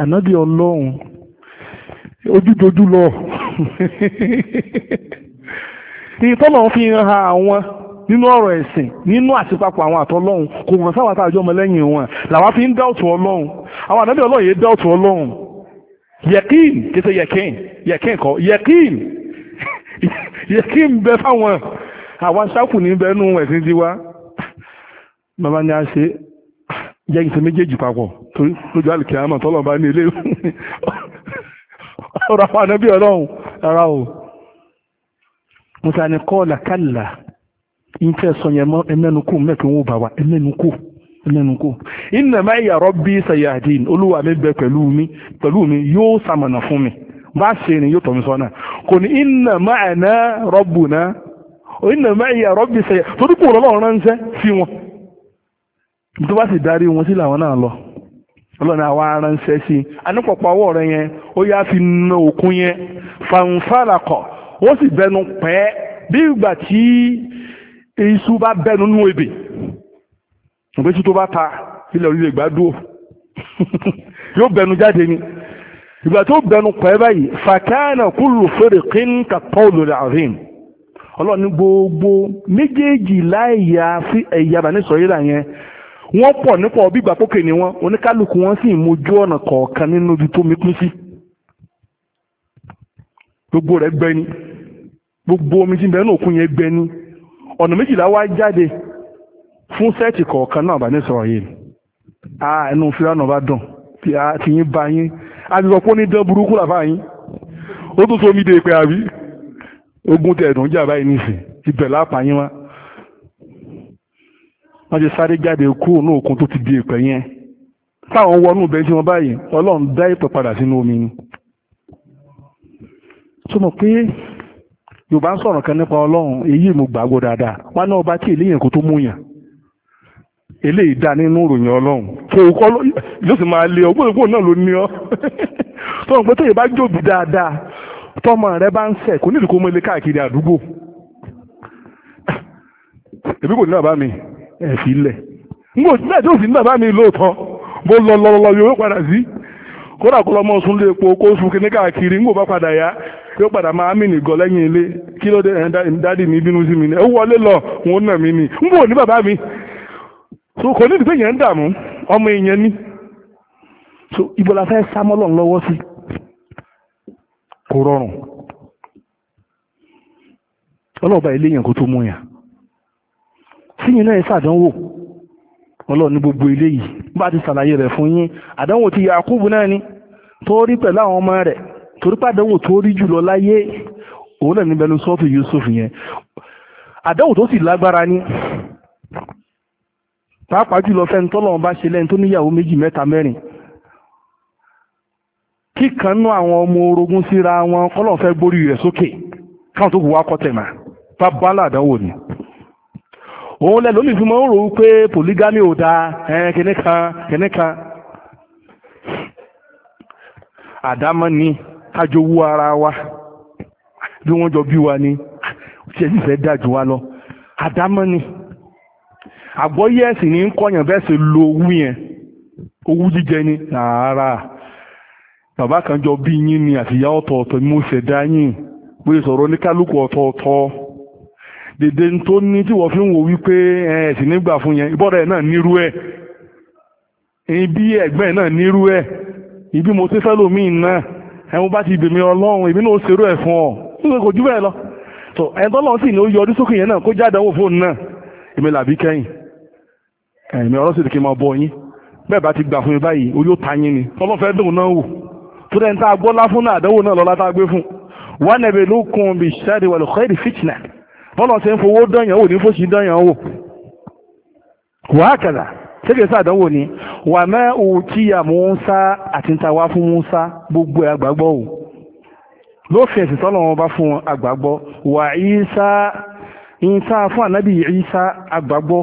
ànábì ọlọ́run ojúdojú lọ ìtọ́nà fi hàn àwọn nínú ọ̀rọ̀ ẹ̀sìn nínú àṣepapọ̀ àwọn àtọ́lọ́hun kò wọ́n sáwà táàjọ́ ọmọlẹ́yìn wọn làwọn fi ń dáòtù ọlọ́hun àwọn ànábì ọlọ́hun yìí dáòtù ọlọ́hun yẹ̀kín kése yẹ̀kín yẹ̀kín kọ́ yẹ̀kín yẹ̀kín bẹ fáwọn àwọn sáfù ní bẹ nú ẹ̀sìn ti wá bàbá ní a ṣe jẹ́ ìṣe méjèèjì papọ̀ torí lójú àlùkí àmọ̀ tọ́lọ̀ bá ní ilé ọ̀rọ̀ àwọn ànábì ọlọ́hun ara ò musa ni kọ́ ọ̀là ìfẹ́ sọ yẹn mọ́ ẹmẹ́nukú mẹ́kì wọn bá wa ẹmẹ́nukú ẹmẹ́nukú inna ma'iya rabbi sayahdin olúwa mi bẹ pẹ̀lú mi pẹ̀lú mi yóò sàmọ̀nà fún mi bá ṣe ni yóò tọ́ mi kò ní inna ma'ana rabbuna inna ma'iya rabbi sayahdin torí kò lọ́wọ́ ránṣẹ́ sí wọn tó bá sì darí wọn sí làwọn náà lọ ọlọ́ni àwọn aránṣẹ́ sí anípọ̀pọ̀ ọwọ́ rẹ yẹn ó yá fi na òkun yẹn fanfàlàkọ̀ ó sì bẹnu pẹ́ bí ìgbà tí iṣu bá bẹ́nu nú ebè ìgbésù tó bá ta ilẹ̀ orílẹ̀ ìgbádùn yóò bẹnu jáde ni ìgbà tó bẹnu pẹ́ báyìí fàkánà kúlù fèrè kín kàtọ́ lórí àrín ọlọ́run ní gbogbo méjèèjì láìyá sí ẹ̀yà bá ní sọ̀rọ̀ yẹn wọ́n pọ̀ nípọ̀ bí ìgbàpókè ni wọ́n oníkálukú wọn sì mójú ọ̀nà kọ̀ọ̀kan nínú ibi tó mi sí gbogbo rẹ̀ gbẹni gbogbo omi tí bẹ́ẹ̀ náà kún yẹn gbẹni ọ̀nà méjìlá wá jáde fún sẹ́ẹ̀tì kọ̀ọ̀kan náà bá ní sọ̀rọ̀ yìí a ẹnu fílànà bá dùn tí a ti yín ba yín a ti sọ pé ó ní dán burúkú làbá yín ó tún so omi de ìpè àbí ogun tẹ̀ ẹ̀dùn jà báyìí nìsín ibẹ̀ lápá yín wá wọ́n ti sáré jáde kúrò ní òkun tó ti di ìpè yẹn táwọn wọnú ibẹ̀ tí wọ́n báyìí ọlọ́run dá ìpè padà sínú omi ni tó mọ̀ pé yorùbá ń sọ̀rọ̀ kan nípa ọlọ́run èyí mo gbàgbọ́ dáadáa wọn náà ọba tí eléyìí kò tó mú yàn eléyìí dá nínú ìròyìn ọlọ́run kò kọ́ yóò sì máa lé ọ gbọ́dọ̀ gbọ́dọ̀ náà ló ní ọ tọ́ pé tóyè bá jòbí dáadáa tọ́mọ rẹ bá ń sẹ̀ kò nídìí kó mọ ilé káàkiri àdúgbò èmi kò ní bàbá mi ẹ̀ fi lẹ̀ ngbò nígbà tí ó sì ní bàbá mi lóòótọ́ bó lọ lọ lọ yóò padà sí kódà kó lọ mọ́ sunlé epo kó sun kíní káàkiri ngbò bá padà yá yóò padà máa mí nìgọ́ lẹ́yìn ilé kí ló dé dádì mi bínú sí mi ni ó wọlé lọ òun náà mi ni ń bò ní bàbá mi so kò ní ìdíkẹ́ yẹn ń dààmú ọmọ èèyàn ni so ibo la fẹ́ sá mọ́lọ̀ lọ́wọ́ sí kò rọrùn ọlọ́ọ̀bá ilé yẹn kò tó mú yàn síyìn náà ṣàdánwò ọlọ́ọ̀ ní gbogbo ilé yìí bá ti sàlàyé rẹ̀ fún yín àdánwò ti yà Yakubu náà ni tó rí pẹ̀lú àwọn ọmọ rẹ̀ torípàdánwò tó rí jùlọ láyé òun náà ní sọ́ọ̀tù Yusuf yẹn àdánwò tó sì lágbára ní pàápàá jùlọ fẹ́ni tọ́lọ́run bá ṣe lẹ́ni tó níyàwó méjì mẹ́ta mẹ́rin kíkanú àwọn ọmọ orogún síra wọn kọ́lọ́n fẹ́ gbórí rẹ̀ sókè káwọn tó kù wá kọ́ tẹ̀mà bá bálà àdánwò ni òun lẹ́ lómi fi mọ́ ń rò pé polygamy ò da ẹ̀ẹ́n kìnìkan kìnìkan àdámọ́ ni. wo ara wa bí wọ́n jọ bí wa ni tí ẹ sì fẹ́ dájú wa lọ àdámọ́ ni àgbọ́yé ẹ̀sìn ní ń kọ́yàn bẹ́ẹ̀ sì lo owú yẹn owú ni rárá bàbá kan jọ bí yín ni àtìyá ọ̀tọ̀ọ̀tọ̀ ni mo ṣẹ̀dá yín sọ̀rọ̀ oníkálukú ọ̀tọ̀ọ̀tọ̀ tí wọ́n fi ń wípé ẹ̀sìn nígbà fún yẹn náà nírú ẹ̀ ibi ẹ̀gbẹ́ náà ẹ̀wọ̀n bá ti bèmí ọlọ́run èmi náà ṣerú ẹ̀ fún ọ nígbà kò jú bẹ́ẹ̀ lọ tó ẹ̀ńtọ́ lọ sí ni ó yọ ọdún sókè yẹn náà kó jáde àwọn fóònù náà èmi làbí kẹ́yìn ẹ̀mí ọlọ́sìn ni kí n máa bọ yín bẹ́ẹ̀ bá ti gbà fún mi báyìí ó yóò ta yín ni ọlọ́fẹ́ dùn náà wò tó dẹ́n tá a gbọ́ láfún náà àdánwò náà lọ́la tá a gbé fún wọn nẹ̀bẹ̀ ló kun bí sáré wà lóko ẹ̀rì fìtìnà bọ́lọ̀ ṣe ń fowó dán yàn wò ní fòṣì dán yàn wò wàá kàdà ṣéke sàdánwò ni wà mẹ́ òun tíyà Mùsá àti ń ta wá fún Mùsá gbogbo ẹ̀ àgbàgbọ́ o lófin ẹ̀sìn tọ́lọ̀ wọn bá fún àgbàgbọ́ wà Ìsá Ìsá fún ànábì Ìsá àgbàgbọ́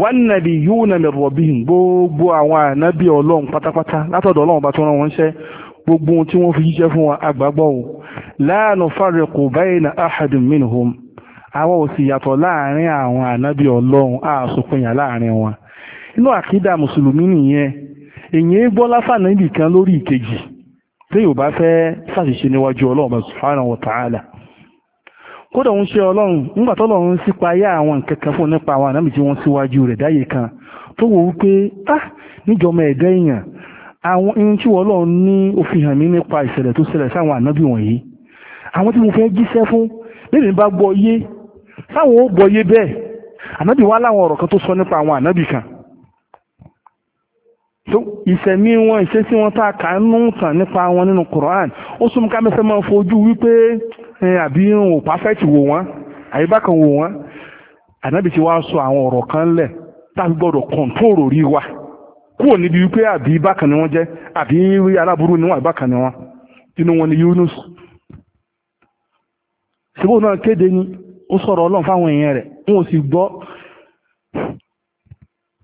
wọn nàbì yóò nà mẹ̀rọ̀ bí gbogbo àwọn ànábì ọlọ́run pátápátá látọ̀dọ̀ ọlọ́run bá tó rán wọn ṣẹ́ gbogbo ohun tí wọ́n fi jíṣẹ́ fún wa àgbàgbọ́ o la nufarriqu bayna ahadin minhum àwọn ò sì yàtọ̀ láàrin àwọn ànábì ọlọ́run àṣùpìyàn láàrin wọn inú àkídà mùsùlùmí nìyẹn èyí gbọ́ lásán níbì kan lórí ìkejì tí yóò bá fẹ́ ṣàṣìṣe níwájú ọlọ́run subhanahu wa ta'ala kódà ń ṣe ọlọ́run nígbà tó lọ́run sí payá àwọn nǹkan kan fún nípa àwọn ànábì tí wọ́n síwájú rẹ̀ dáyé kan tó wò wípé ah níjọba ẹ̀dá èèyàn àwọn irin tí wọ́n lọ́run ní òfin hàn mí nípa ìṣẹ̀lẹ̀ tó ṣẹlẹ̀ sáwọn ànábì wọ̀nyí àwọn tí mo fẹ́ jíṣẹ́ fún lèmi bá gbọ́ yé sáwọn ó gbọ́ yé bẹ́ẹ̀ ànábì wá láwọn ọ̀rọ̀ kan tó sọ nípa àwọn ànábì kan ìṣẹ̀mí wọn ìṣesí wọn tá a kà ń nù tàn nípa wọn nínú Quran ó súnmọ́ ká mẹ́fẹ́ máa fojú wípé àbí ò pàfẹ́tì wò wọ́n àyíbá kan wò wọ́n ànábì tí wàá sọ àwọn ọ̀rọ̀ kan lẹ̀ tá a fi gbọ́dọ̀ kọ̀ǹtóòrò rí wa kúrò níbi wípé àbí bákan ni wọ́n jẹ́ àbí aláburú ni wọ́n àbí bákan ni wọ́n inú wọn ni Yunus ṣùgbọ́n náà kéde ni ó sọ̀rọ̀ Ọlọ́run fáwọn èèyàn rẹ̀ wọn ò sì gbọ́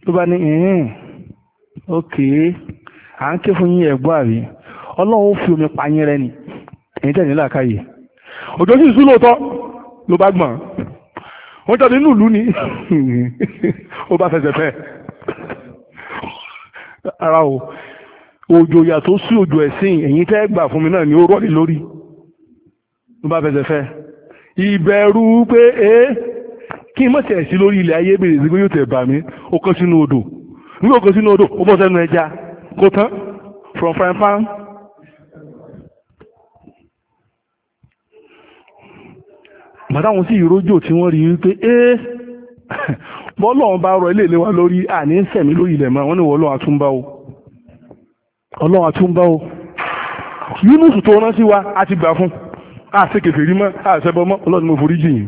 ló okay à ń ké fún yín ẹ̀gbọ́n àrí ọlọ́run fi omi pa yín rẹ ni ẹ̀yin tẹ̀ nílà káyè òjò sì sún lóòótọ́ ló bá gbọ̀n wọ́n jọ nínú ìlú ni ó bá fẹsẹ̀ fẹ́ ara o òjò yàtọ̀ sí òjò ẹ̀sìn ẹ̀yin tẹ́ gbà fún mi náà ni ó rọ́ọ̀lì lórí ló bá fẹsẹ̀ fẹ́ ìbẹ̀rù pé ẹ kí n mọ̀ tẹ̀ sí lórí ilẹ̀ ayé bèrè sí pé yóò tẹ̀ bà mí ó kọ́ sínú odò ní ògùn sínú odò ó bọ́ sẹ́nu ẹja kó tán from frying pan. màtáwọn sì ìrójò tí wọ́n rí wípé ee bọ́lọ́run bá rọ ilé ilé wa lórí àní ń sẹ̀mí lórí ilẹ̀ mọ́ wọn ni wọ́n lọ́wọ́ àtúnbá o ọlọ́run àtúnbá o yúnúùsù tó rán sí wa a ti gbà fún àṣekèfèrí mọ́ àṣẹbọ mọ́ ọlọ́run mo forí jìn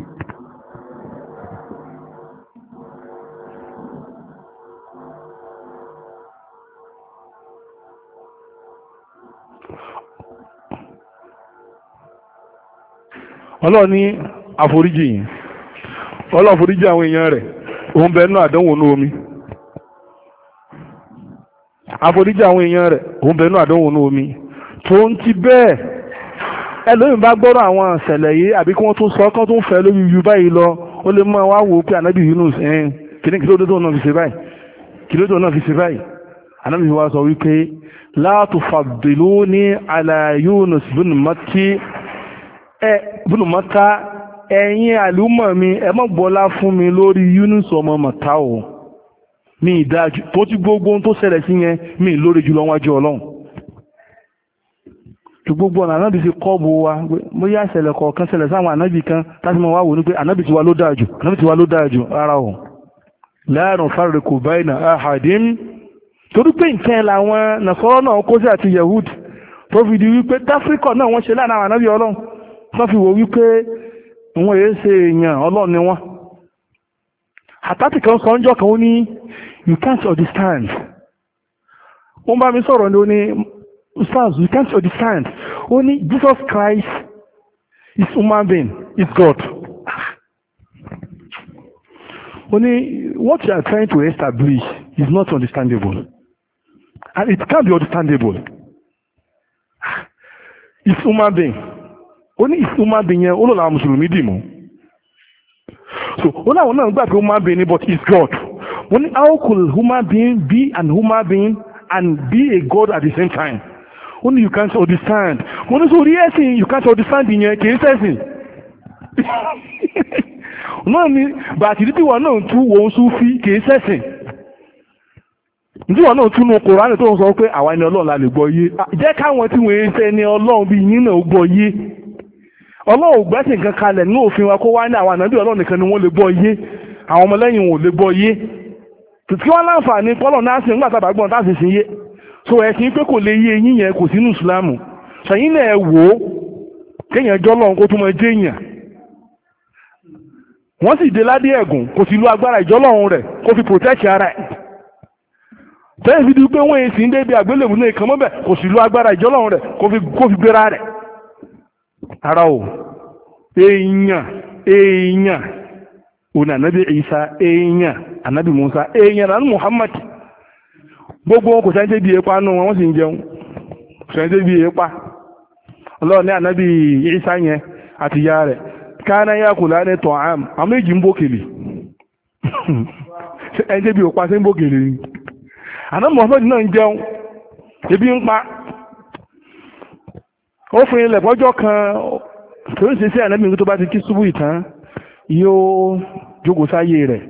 ọlọ́run ní àforíjì yìí ọlọ́run foríjì àwọn èèyàn rẹ̀ òun bẹ̀ẹ́ náà àdánwò ní omi àforíjì àwọn èèyàn rẹ̀ òun bẹ̀ẹ́ náà àdánwò ní omi tó ń ti bẹ́ẹ̀ ẹlòmíín bá gbọ́rọ̀ àwọn ìṣẹ̀lẹ̀ yìí àbí kí wọ́n tún sọ kán tó ń fẹ́ lórí yú báyìí lọ ó lè máa wá wò ó pé ànábì Yunus ẹ̀ẹ́n kìíní kìlódé tó náà fi ṣe báyìí kìlódé náà fi ṣe báyìí ànábì wa sọ wípé látùfàdìlú ní àlàyé Yunus bin Mati ẹ bùnú mọ́ká ẹ̀yin àlùmọ̀ mi ẹ mọ̀ gbọ́lá fún mi lórí Yunus ọmọ mọ̀ká o mi ìdájú tó ti gbogbo ohun tó ṣẹlẹ̀ sí yẹn mi lórí jùlọ wájú ọlọ́run tó gbogbo ọ̀nà ànábì fi kọ́ọ̀bù wa mo yá ìṣẹ̀lẹ̀ kọ̀ọ̀kan ṣẹlẹ̀ sáwọn ànábì kan láti mọ̀ wá wò ní pé ànábì tiwa ló dáa jù ànábì tiwa ló dáa jù rárá o la nufarriqu bayna ahadim torí pé nǹkan ẹ̀ làwọn nàṣọ́rọ́ náà kó sí àti yahud tó fi di wípé táfíríkọ̀ náà wọ́n ṣe láàrin àwọn ànábì ọlọ́run sọ́fìwò wípé wọ́n yé ṣe èèyàn ọlọ́run ni wọ́n àtàtì kan sọ ọjọ́ kan ó ní you can't understand wọ́n bá mi sọ̀rọ̀ ní ó ní stars you can't understand ó ní Jesus Christ is human being is God ó ní what you are trying to establish is not understandable and it can't be understandable is human being ó ní ìsúmábì yẹn ó lò so ó láwọn náà gbà pé human being but it's God wọ́n ní how could human being be an human being and be a God at the same time ó ní you can't understand wọ́n ní sọ orí ẹ̀sìn you can't understand yẹn kì í sẹ́sìn náà ni bàtìrí tí wọn náà tú wọn Súfí kì í sẹ́sìn níwọ̀n náà túnú Kùránì tó ń sọ pé àwa ni Ọlọ́run la lè gbọ́ yé ah, jẹ́ káwọn tí wọ́n ń ṣe Ọlọ́run bí yín náà gbọ́ yé ọlọ́run gbẹ́sìn kan kalẹ̀ ní òfin wa kó wá ní àwọn ànábì ọlọ́run nìkan ni wọ́n lè gbọ́ yé àwọn ọmọlẹ́yìn wọn ò lè gbọ́ yé títí wọn láǹfààní pọ́lọ̀ náà sì ń gbà tàbá gbọ́n táàsì sí yé so ẹ̀sìn pé kò lè yé eyín yẹn kò sínú ìsìlámù sẹ́yìn náà ẹ wò ó kéèyàn jọ́ lọ́run kó tún mọ ẹjẹ́ èèyàn wọ́n sì dé ládé ẹ̀gùn kò sì lu agbára ìjọ́lọ́run rẹ̀ kó fi protect ara ẹ̀ tẹ́yìn fi di pé wọ́n èsì ń débi àgbélébùú náà ìkànnì kò sì lu agbára ìjọ́lọ́run rẹ̀ kó fi gbéra rẹ̀ ara o èèyàn èèyàn òun ànábì Ìsá èèyàn ànábì Mùsá èèyàn ànábì Muhammad gbogbo wọn kò sáyẹ́ bí ipa nù wọn wọ́n sì ń jẹun kò sáyẹ́ bí ipa ọlọ́run ní isa Ìsá yẹn àti ìyá rẹ̀ káná yá kò láàrin tọ̀ àm àmọ́ èjì ń bókèlè Muhammad na ebi ó fún ilẹ̀ bọ́jọ́ kan tó ń ṣiṣẹ́ ànábì tó bá ti kí ṣubú ìtàn yóò jókòó sáyé rẹ̀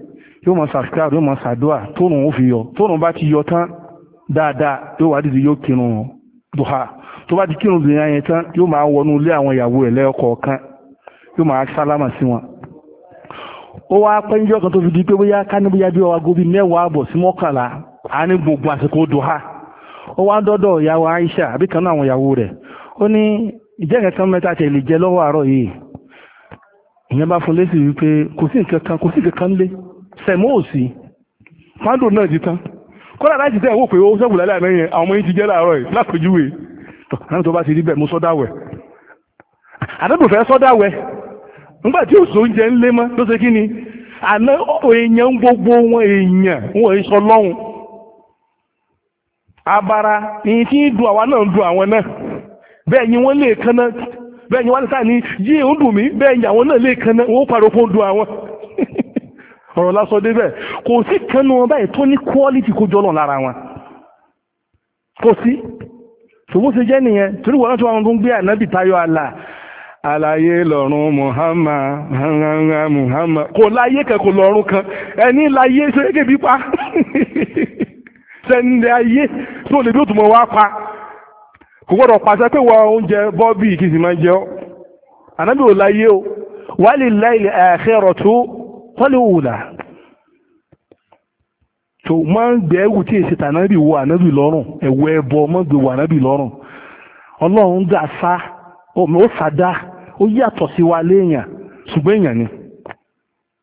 yóò mọ̀ subscribe yóò mọ̀ sàdúà tóòrùn ó fi yọ tóòrùn bá ti yọ tán dáadáa yóò wá dìde yóò kírun dùhà tó bá ti kírun dùn yẹn tán yóò máa wọnú ilé àwọn ìyàwó ẹ̀ lẹ́ọ̀kọ̀ọ̀kan yóò máa sálámà sí wọn ó wá pẹ́ńjọ́ kan tó fi di pé bóyá ká bí ọwọ́ gómìn mẹ́wàá àbọ̀ sí mọ́kànlá á ní gbogbo àsìkò dùhà ó wá dọ́dọ̀ ìyàwó Aisha àbí kan náà àwọn ìyàwó rẹ̀ ó ní ìjẹ́ nǹkan mẹ́ta tẹ̀ lè jẹ lọ́wọ́ àárọ̀ yìí ìyẹn bá fún lésì wípé kò sí nǹkan kan kò sí nǹkan kan lé sẹ̀mọ́ ò sí pando náà ti tán kódà láti tẹ̀ wò pé ó sẹ́kù lálẹ́ àná yẹn àwọn ọmọ yìí ti jẹ́ láàárọ̀ yìí lápèjúwe náà tó bá ti rí bẹ́ẹ̀ mo sọ́dáwẹ̀ àdébùfẹ́ sọ́dáwẹ̀ nígbà tí òṣò oúnjẹ ń lé mọ́ ló ṣe kí ni àná èèyàn gbogbo wọn èèyàn wọn èso lọ́hùn abara ìyìn tí ń du àwa náà ń du àwọn náà bẹ́ẹ̀ ni wọ́n lè kanna bẹ́ẹ̀ ni wọ́n sáà ní yí ń dùn mí bẹ́ẹ̀ ni àwọn náà lè kanna wọ́n pariwo dùn àwọn ọ̀rọ̀ lásán débẹ̀ kò sí kanna wọn báyìí tó ní quality kó jọlọ̀ lára wọn kò sí ṣùgbọ́n ṣe jẹ́ nìyẹn torí wọ́n wọn gbé ànábì tayọ àlà àlàyé lọ́rùn Muhammad kò láyé kò kan ẹni láyé ṣe é kébi pa sẹ́ni ayé tó lè bí kò gbọ́dọ̀ pàṣẹ pé wọ oúnjẹ bọ́ọ̀bì kì í sì máa jẹ́ ọ́ ànábì ò láyé o wálé láìlẹ̀ àṣẹrọ̀ tó wálé òwúlà tó máa ń gbẹ ẹwù tí èsì tànábì wọ ànábì lọ́rùn ẹ̀wọ̀ ẹbọ máa ń gbé wọ ànábì lọ́rùn ọlọ́run dà sá ó sàdá ó yàtọ̀ sí wa léèyàn ṣùgbọ́n èèyàn ni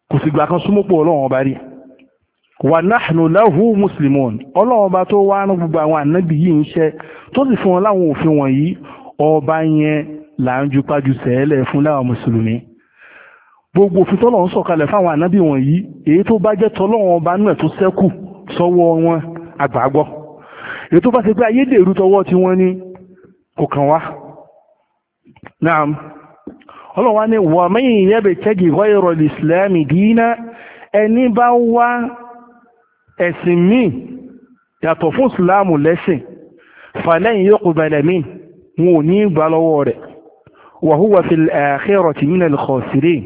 kò sì gbà kan súnmọ́pọ̀ ọlọ́run ọba rí wà náhùn láhù muslimun ọlọ́run ọba tó wá rán gbogbo àwọn ànábì yìí ń ṣe tó sì fún wọn láwọn òfin wọ̀nyí ọba yẹn là ń ju pájú sẹ́ẹ̀lẹ̀ fún láwọn mùsùlùmí gbogbo òfin tọ́lọ̀ ń sọ̀kalẹ̀ fáwọn ànábì wọ̀nyí èyí tó bá jẹ́ tọ́lọ́run ọba náà tó sẹ́kù sọ́wọ́ wọn àgbàgbọ́ èyí tó bá ṣe pé ayédèrú tọwọ́ tí wọ́n ní kò kàn wá ọlọ́run wá ní ẹni bá wá ẹ̀sìn míì yàtọ̀ fún ìsìláàmù lẹ́sìn fàlẹ́yìn yóò kò bẹ̀lẹ̀ míì wọn ò ní gbà lọ́wọ́ rẹ̀ wàhúwà fi al-akhirati min al-khasirin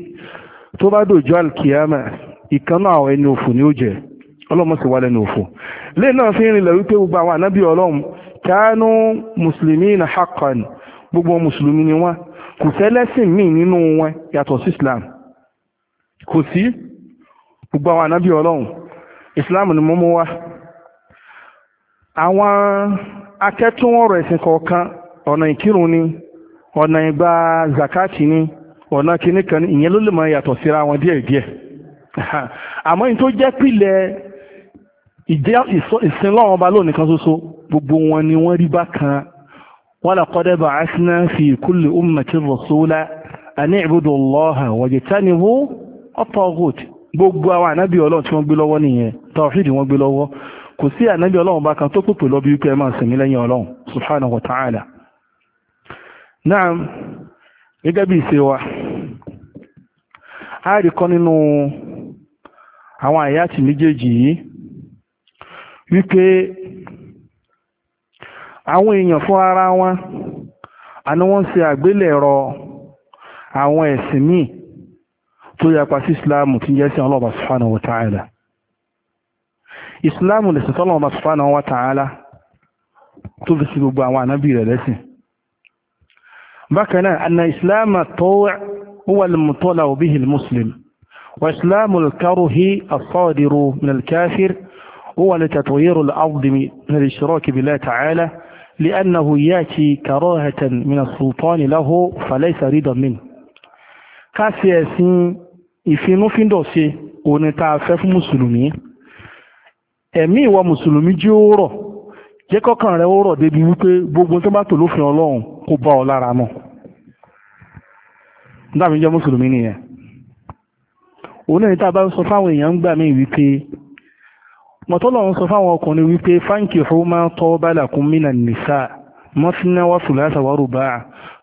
tó bá dòjọ́ alkiyama ìkanná àwọn ẹni òfò ni ó jẹ ọlọ́mọ sì wà lẹ́nu òfò lẹ́yìn náà fi rìnlẹ̀ wípé gbogbo àwọn ànábì ọlọ́run kánú muslimina haqqan gbogbo mùsùlùmí ni wọ́n kò sẹ́lẹ́sìn míì nínú wọn yàtọ̀ sí islam kò sí gbogbo àwọn ànábì ọlọ́run islam ni mo mú wá àwọn akẹ́tún ọ̀rọ̀ ẹ̀sìn kọ̀ọ̀kan ọ̀nà ìkírun ni ọ̀nà ìgbà zakati ni ọ̀nà kìíní kan ìyẹn ló lè máa yàtọ̀ síra wọn díẹ̀ díẹ̀ àmọ́ ní tó jẹ́ pìlẹ̀ ìjẹ́ ìsinlọ́wọ́n ọba lónìí kan ṣoṣo gbogbo wọn ni wọ́n rí bákan wọ́n lè kọ́dẹ́ bá asínà fi kulli ummati rasula àní ìbúdó lọ́hà wọ̀jẹ̀tánibú ọ̀pọ̀ gòtì gbogbo àwọn ànábì ọlọ́run tí wọ́n gbé lọ́wọ́ nìyẹn tawhid wọ́n gbé lọ́wọ́ kò sí ànábì ọlọ́run bá kan tó pèpè lọ bí wípé ẹ máa sìn mí lẹ́yìn ọlọ́run ta'ala náà gẹ́gẹ́ bí wa a rí kọ́ nínú àwọn àyàtì méjèèjì yìí wípé àwọn èèyàn fún ara wọn àni wọ́n ń ṣe àgbélẹ̀rọ àwọn ẹ̀sìn tó yapa sí islam tí ń jẹ́ sí ọlọ́ọ̀bà subhanahu wa ta'ala islam lè sọ tọ́lọ́ọ̀bà subhanahu wa ta'ala tó fi sí gbogbo àwọn ànábì rẹ̀ lẹ́sìn bákan náà anna islam at-taw' huwa al-mutala'u bihi al-muslim wa islam al-karh as-sadir min al-kafir هو لتطوير الأرض من الاشتراك بالله تعالى لأنه يأتي كراهة من السلطان له فليس رضا منه ká fi ẹ̀sìn ìfinúfíndọ̀ ṣe òní tá a fẹ́ fún mùsùlùmí ẹ̀mí ìwọ mùsùlùmí jí ó rọ̀ jẹ́ kọ́kàn rẹ̀ ó rọ̀ débi wípé gbogbo tó bá tò lófin ọlọ́run kó bá ọ lára mọ́ dáàbí jẹ́ mùsùlùmí nìyẹn òun náà tá a bá sọ fáwọn èèyàn ń gbà mí wípé mọ̀tọ́lọ̀ ń sọ fáwọn ọkùnrin wípé fáǹkì ọ̀hún máa tọ́ bálàkún mí nà nìsà mọ́síná wà fùlásà wà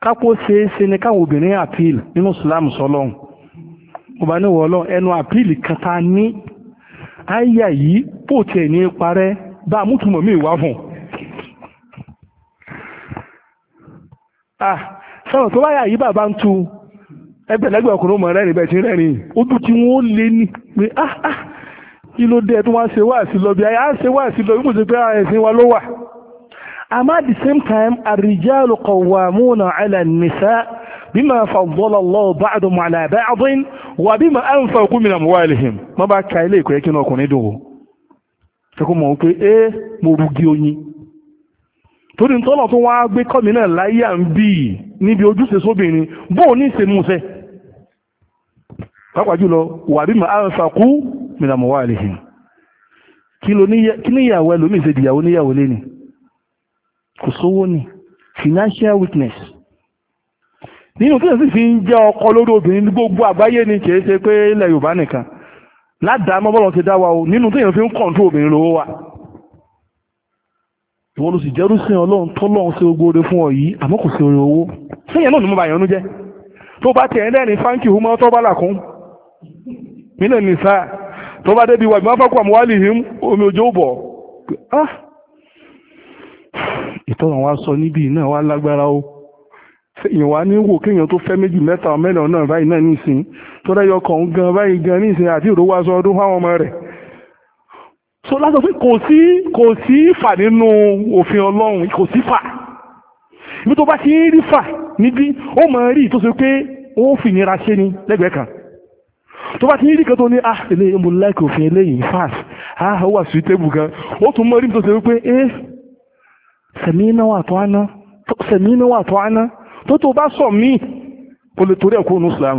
kápó ṣeé ṣe ni káwọn obìnrin àpíl nínú sùlámù sọlọ́run mo bá ní wọ́ọ́lọ́ ẹnu àpíìlì kan tá a ní àyà yìí pò tiẹ̀ ní parẹ́ bá a mú túmọ̀ mí wá fún. sọ̀rọ̀ tó bá yà yìí bàbá ń tu ẹgbẹ̀lẹ́gbẹ̀ ọkùnrin mọ̀ rẹ́rìn bẹ́ẹ̀ tí ń rẹ́rìn ojú tí wọ́n lé ní pé kí ló dé tó wá ṣe wá sí lọ bí i á ṣe wá sí lọ ibùsùn pé ara ah, ẹ̀sìn wa ló wà. àmọ́ at the same time àrìjálù kọ̀wàmúnà àlànìsá bima faddala Allahu ba'dahum ala ba'din wa bima anfaqu min amwalihim mọ́ bá ka ilé ìkọ̀ yẹ kí ọkùnrin dùn o ṣekú mọ̀ pé é mo rugi oyin torí tọ́lọ̀ tó wá gbé kọ́mi náà láyé à ń bí níbi ojúṣe sóbìnrin bóò ní ìṣe múṣẹ́ pàápàá jùlọ wa bima anfaqu min amwalihim kí níyàwó ẹlòmíì ṣe dìyàwó níyàwó lé ni kò sówó ni financial weakness nínú kí ló sì fi ń jẹ́ ọkọ lórí obìnrin gbogbo àgbáyé ni kì í ṣe pé ilẹ̀ yorùbá nìkan ládàámọ́ bọ́lọ̀ ti dá wa o nínú tí èèyàn fi ń kọ̀ǹtó obìnrin lówó wa ìwọ ló sì jẹ́rú sí ọlọ́run tó lọ́run sí gbogbo oore fún ọ yìí àmọ́ kò sí oore owó sẹ́yìn náà ni mo bá yànnú jẹ́ tó bá tiẹ̀ lẹ́rìn fáńkì humọ́ tó bá làkún mílẹ̀ nìsa tó bá débi wà bí wọ́n fẹ́ kọ́ àmọ́ wálé yìí omi òjò bọ̀ ah ìtọ́ràn wa sọ níbí náà wá lágbára o ìwà ní wò kéèyàn tó fẹ́ méjì mẹ́ta mẹ́rin náà báyìí náà nísìn tó dáyọ kàn gan báyìí gan nísìn àti ìró wá sọ ọdún fáwọn ọmọ rẹ̀ so lásán pé kò sí kò sí fà nínú òfin ọlọ́run kò sí fà ibi tó bá ti ń rí fà níbí ó mọ̀ rí tó ṣe pé ó fi nira ṣe ni lẹ́gbẹ̀ẹ́ kan tó bá ti ń rí kan tó ní ah ilé mo láìkè òfin eléyìí fast ah ó wà sí tébù gan ó tún mọ̀ rí tó ṣe pé eh sẹ̀mí náà wà tó àná sẹ̀mí náà wà tó àná tó tó bá sọ míì kò lè torí ẹ̀kọ́ ònú islam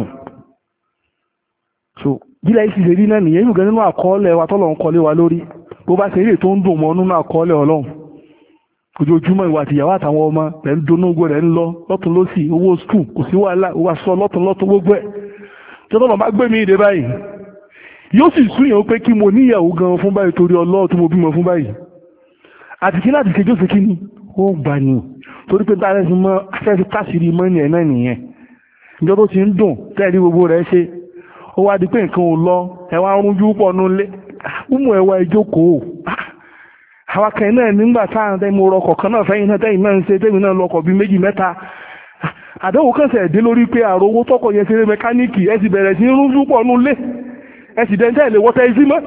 so bílẹ̀ yìí ti ṣe rí náà nìyẹn yóò gẹ́ nínú àkọọ́lẹ̀ wa tọ́lọ̀ ń kọlé wa lórí bó bá ṣe eré tó ń dùn mọ́ nínú àkọọ́lẹ̀ ọlọ́run ojoojúmọ́ ìwà àtìyàwó àtàwọn ọmọ rẹ̀ ń donógo rẹ̀ ń lọ lọ́tún lọ́sì owó skul kò sí wàhálà wà sọ lọ́tún lọ́tún gbogbo ẹ̀ tọ́lọ̀ bá gbé mi ìdè báyìí yóò sì súyàn pé kí mo níyàwó gan fún báyìí torí ọlọ́ọ̀ tó mo bímọ fún báyìí àti kí láti ṣe jósè kí ni ó gbani torí pé bá rẹ́sì mọ́ afẹ́fẹ́ tásìrí mọ́ ní ẹ̀nà nìyẹn ìjọ tó ti ń dùn tẹ́rí gbogbo rẹ̀ ṣe ó wá di pé nǹkan ò lọ ẹ̀wà ń rújú pọ̀ nù lé ah, mú ẹ̀wà ìjókòó ah, àwọn kan náà nígbà táwọn tẹ́mi rọkọ̀ kan náà fẹ́yìn náà tẹ́yìn náà ń ṣe náà lọkọ̀ bíi méjì mẹ́ta ah, àdéhùn kan dé lórí pé yẹn ṣeré mẹkáníìkì sì bẹ̀rẹ̀ sí rújú pọ̀ nù lé sì dẹ́ntẹ́ lè wọ́tẹ́ sí mọ́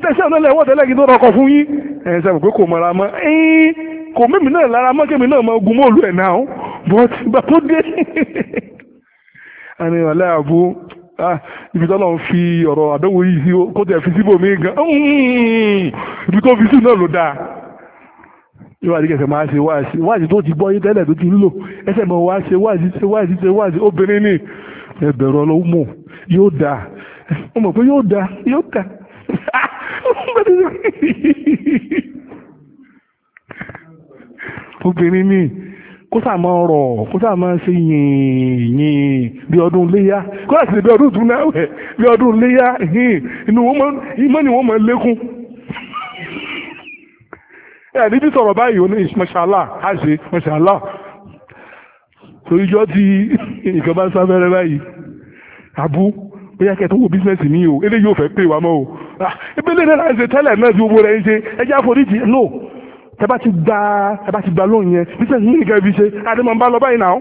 ọ̀nà tó rọkọ̀ fún yín ẹ̀ pé kò mọ̀ra mọ́ kò mẹ́mi náà lára mọ́kẹ́mi náà máa gun mọ́ọ̀lù ẹ̀ náà but ìgbà tó dé àní ìwàlẹ́ àbú ibi tó lọ́n fi ọ̀rọ̀ àdánwò yìí sí kó tẹ̀ fi síbò mí gan ibi tó fi sí náà ló dáa yóò wá sí kẹsẹ̀ máa ṣe wáàsí wáàsí tó ti gbọ́ yín tẹ́lẹ̀ tó ti ń lò ẹsẹ̀ mọ̀ wá ṣe wáàsí ṣe wáàsí ṣe wáàsí obìnrin ni ẹbẹ̀rọ ló mọ̀ yóò dáa ó mọ̀ pé yóò dáa yóò dáa obìnrin mi kó sàmọ́ ọ̀rọ̀ kó sàmọ́ ṣe yìnyín bí ọdún léyá kó láti bí ọdún tún náà wẹ̀ bí ọdún léyá inú ìmọ̀ ni wọ́n mọ̀ lékún ẹ̀ níbi sọ̀rọ̀ báyìí ó ní mọ̀ṣálà á ṣe mọ̀ṣálà toríjọ́ tí nǹkan bá sáfẹ́rẹ́ báyìí àbú bóyá kẹtọ́ wo bísínẹ́sì mi o eléyìí ò fẹ́ pè wá mọ́ o ah, ebele náà ṣe tẹ́lẹ̀ náà ti gbogbo rẹ̀ ń ṣe ẹjẹ́ àforíjì no tẹ́bá ti gba tẹ́bá ti gba lóhùn yẹn bí sẹ́yìn nìkan ibi ṣe adémọ̀nba lọ báyìí náà.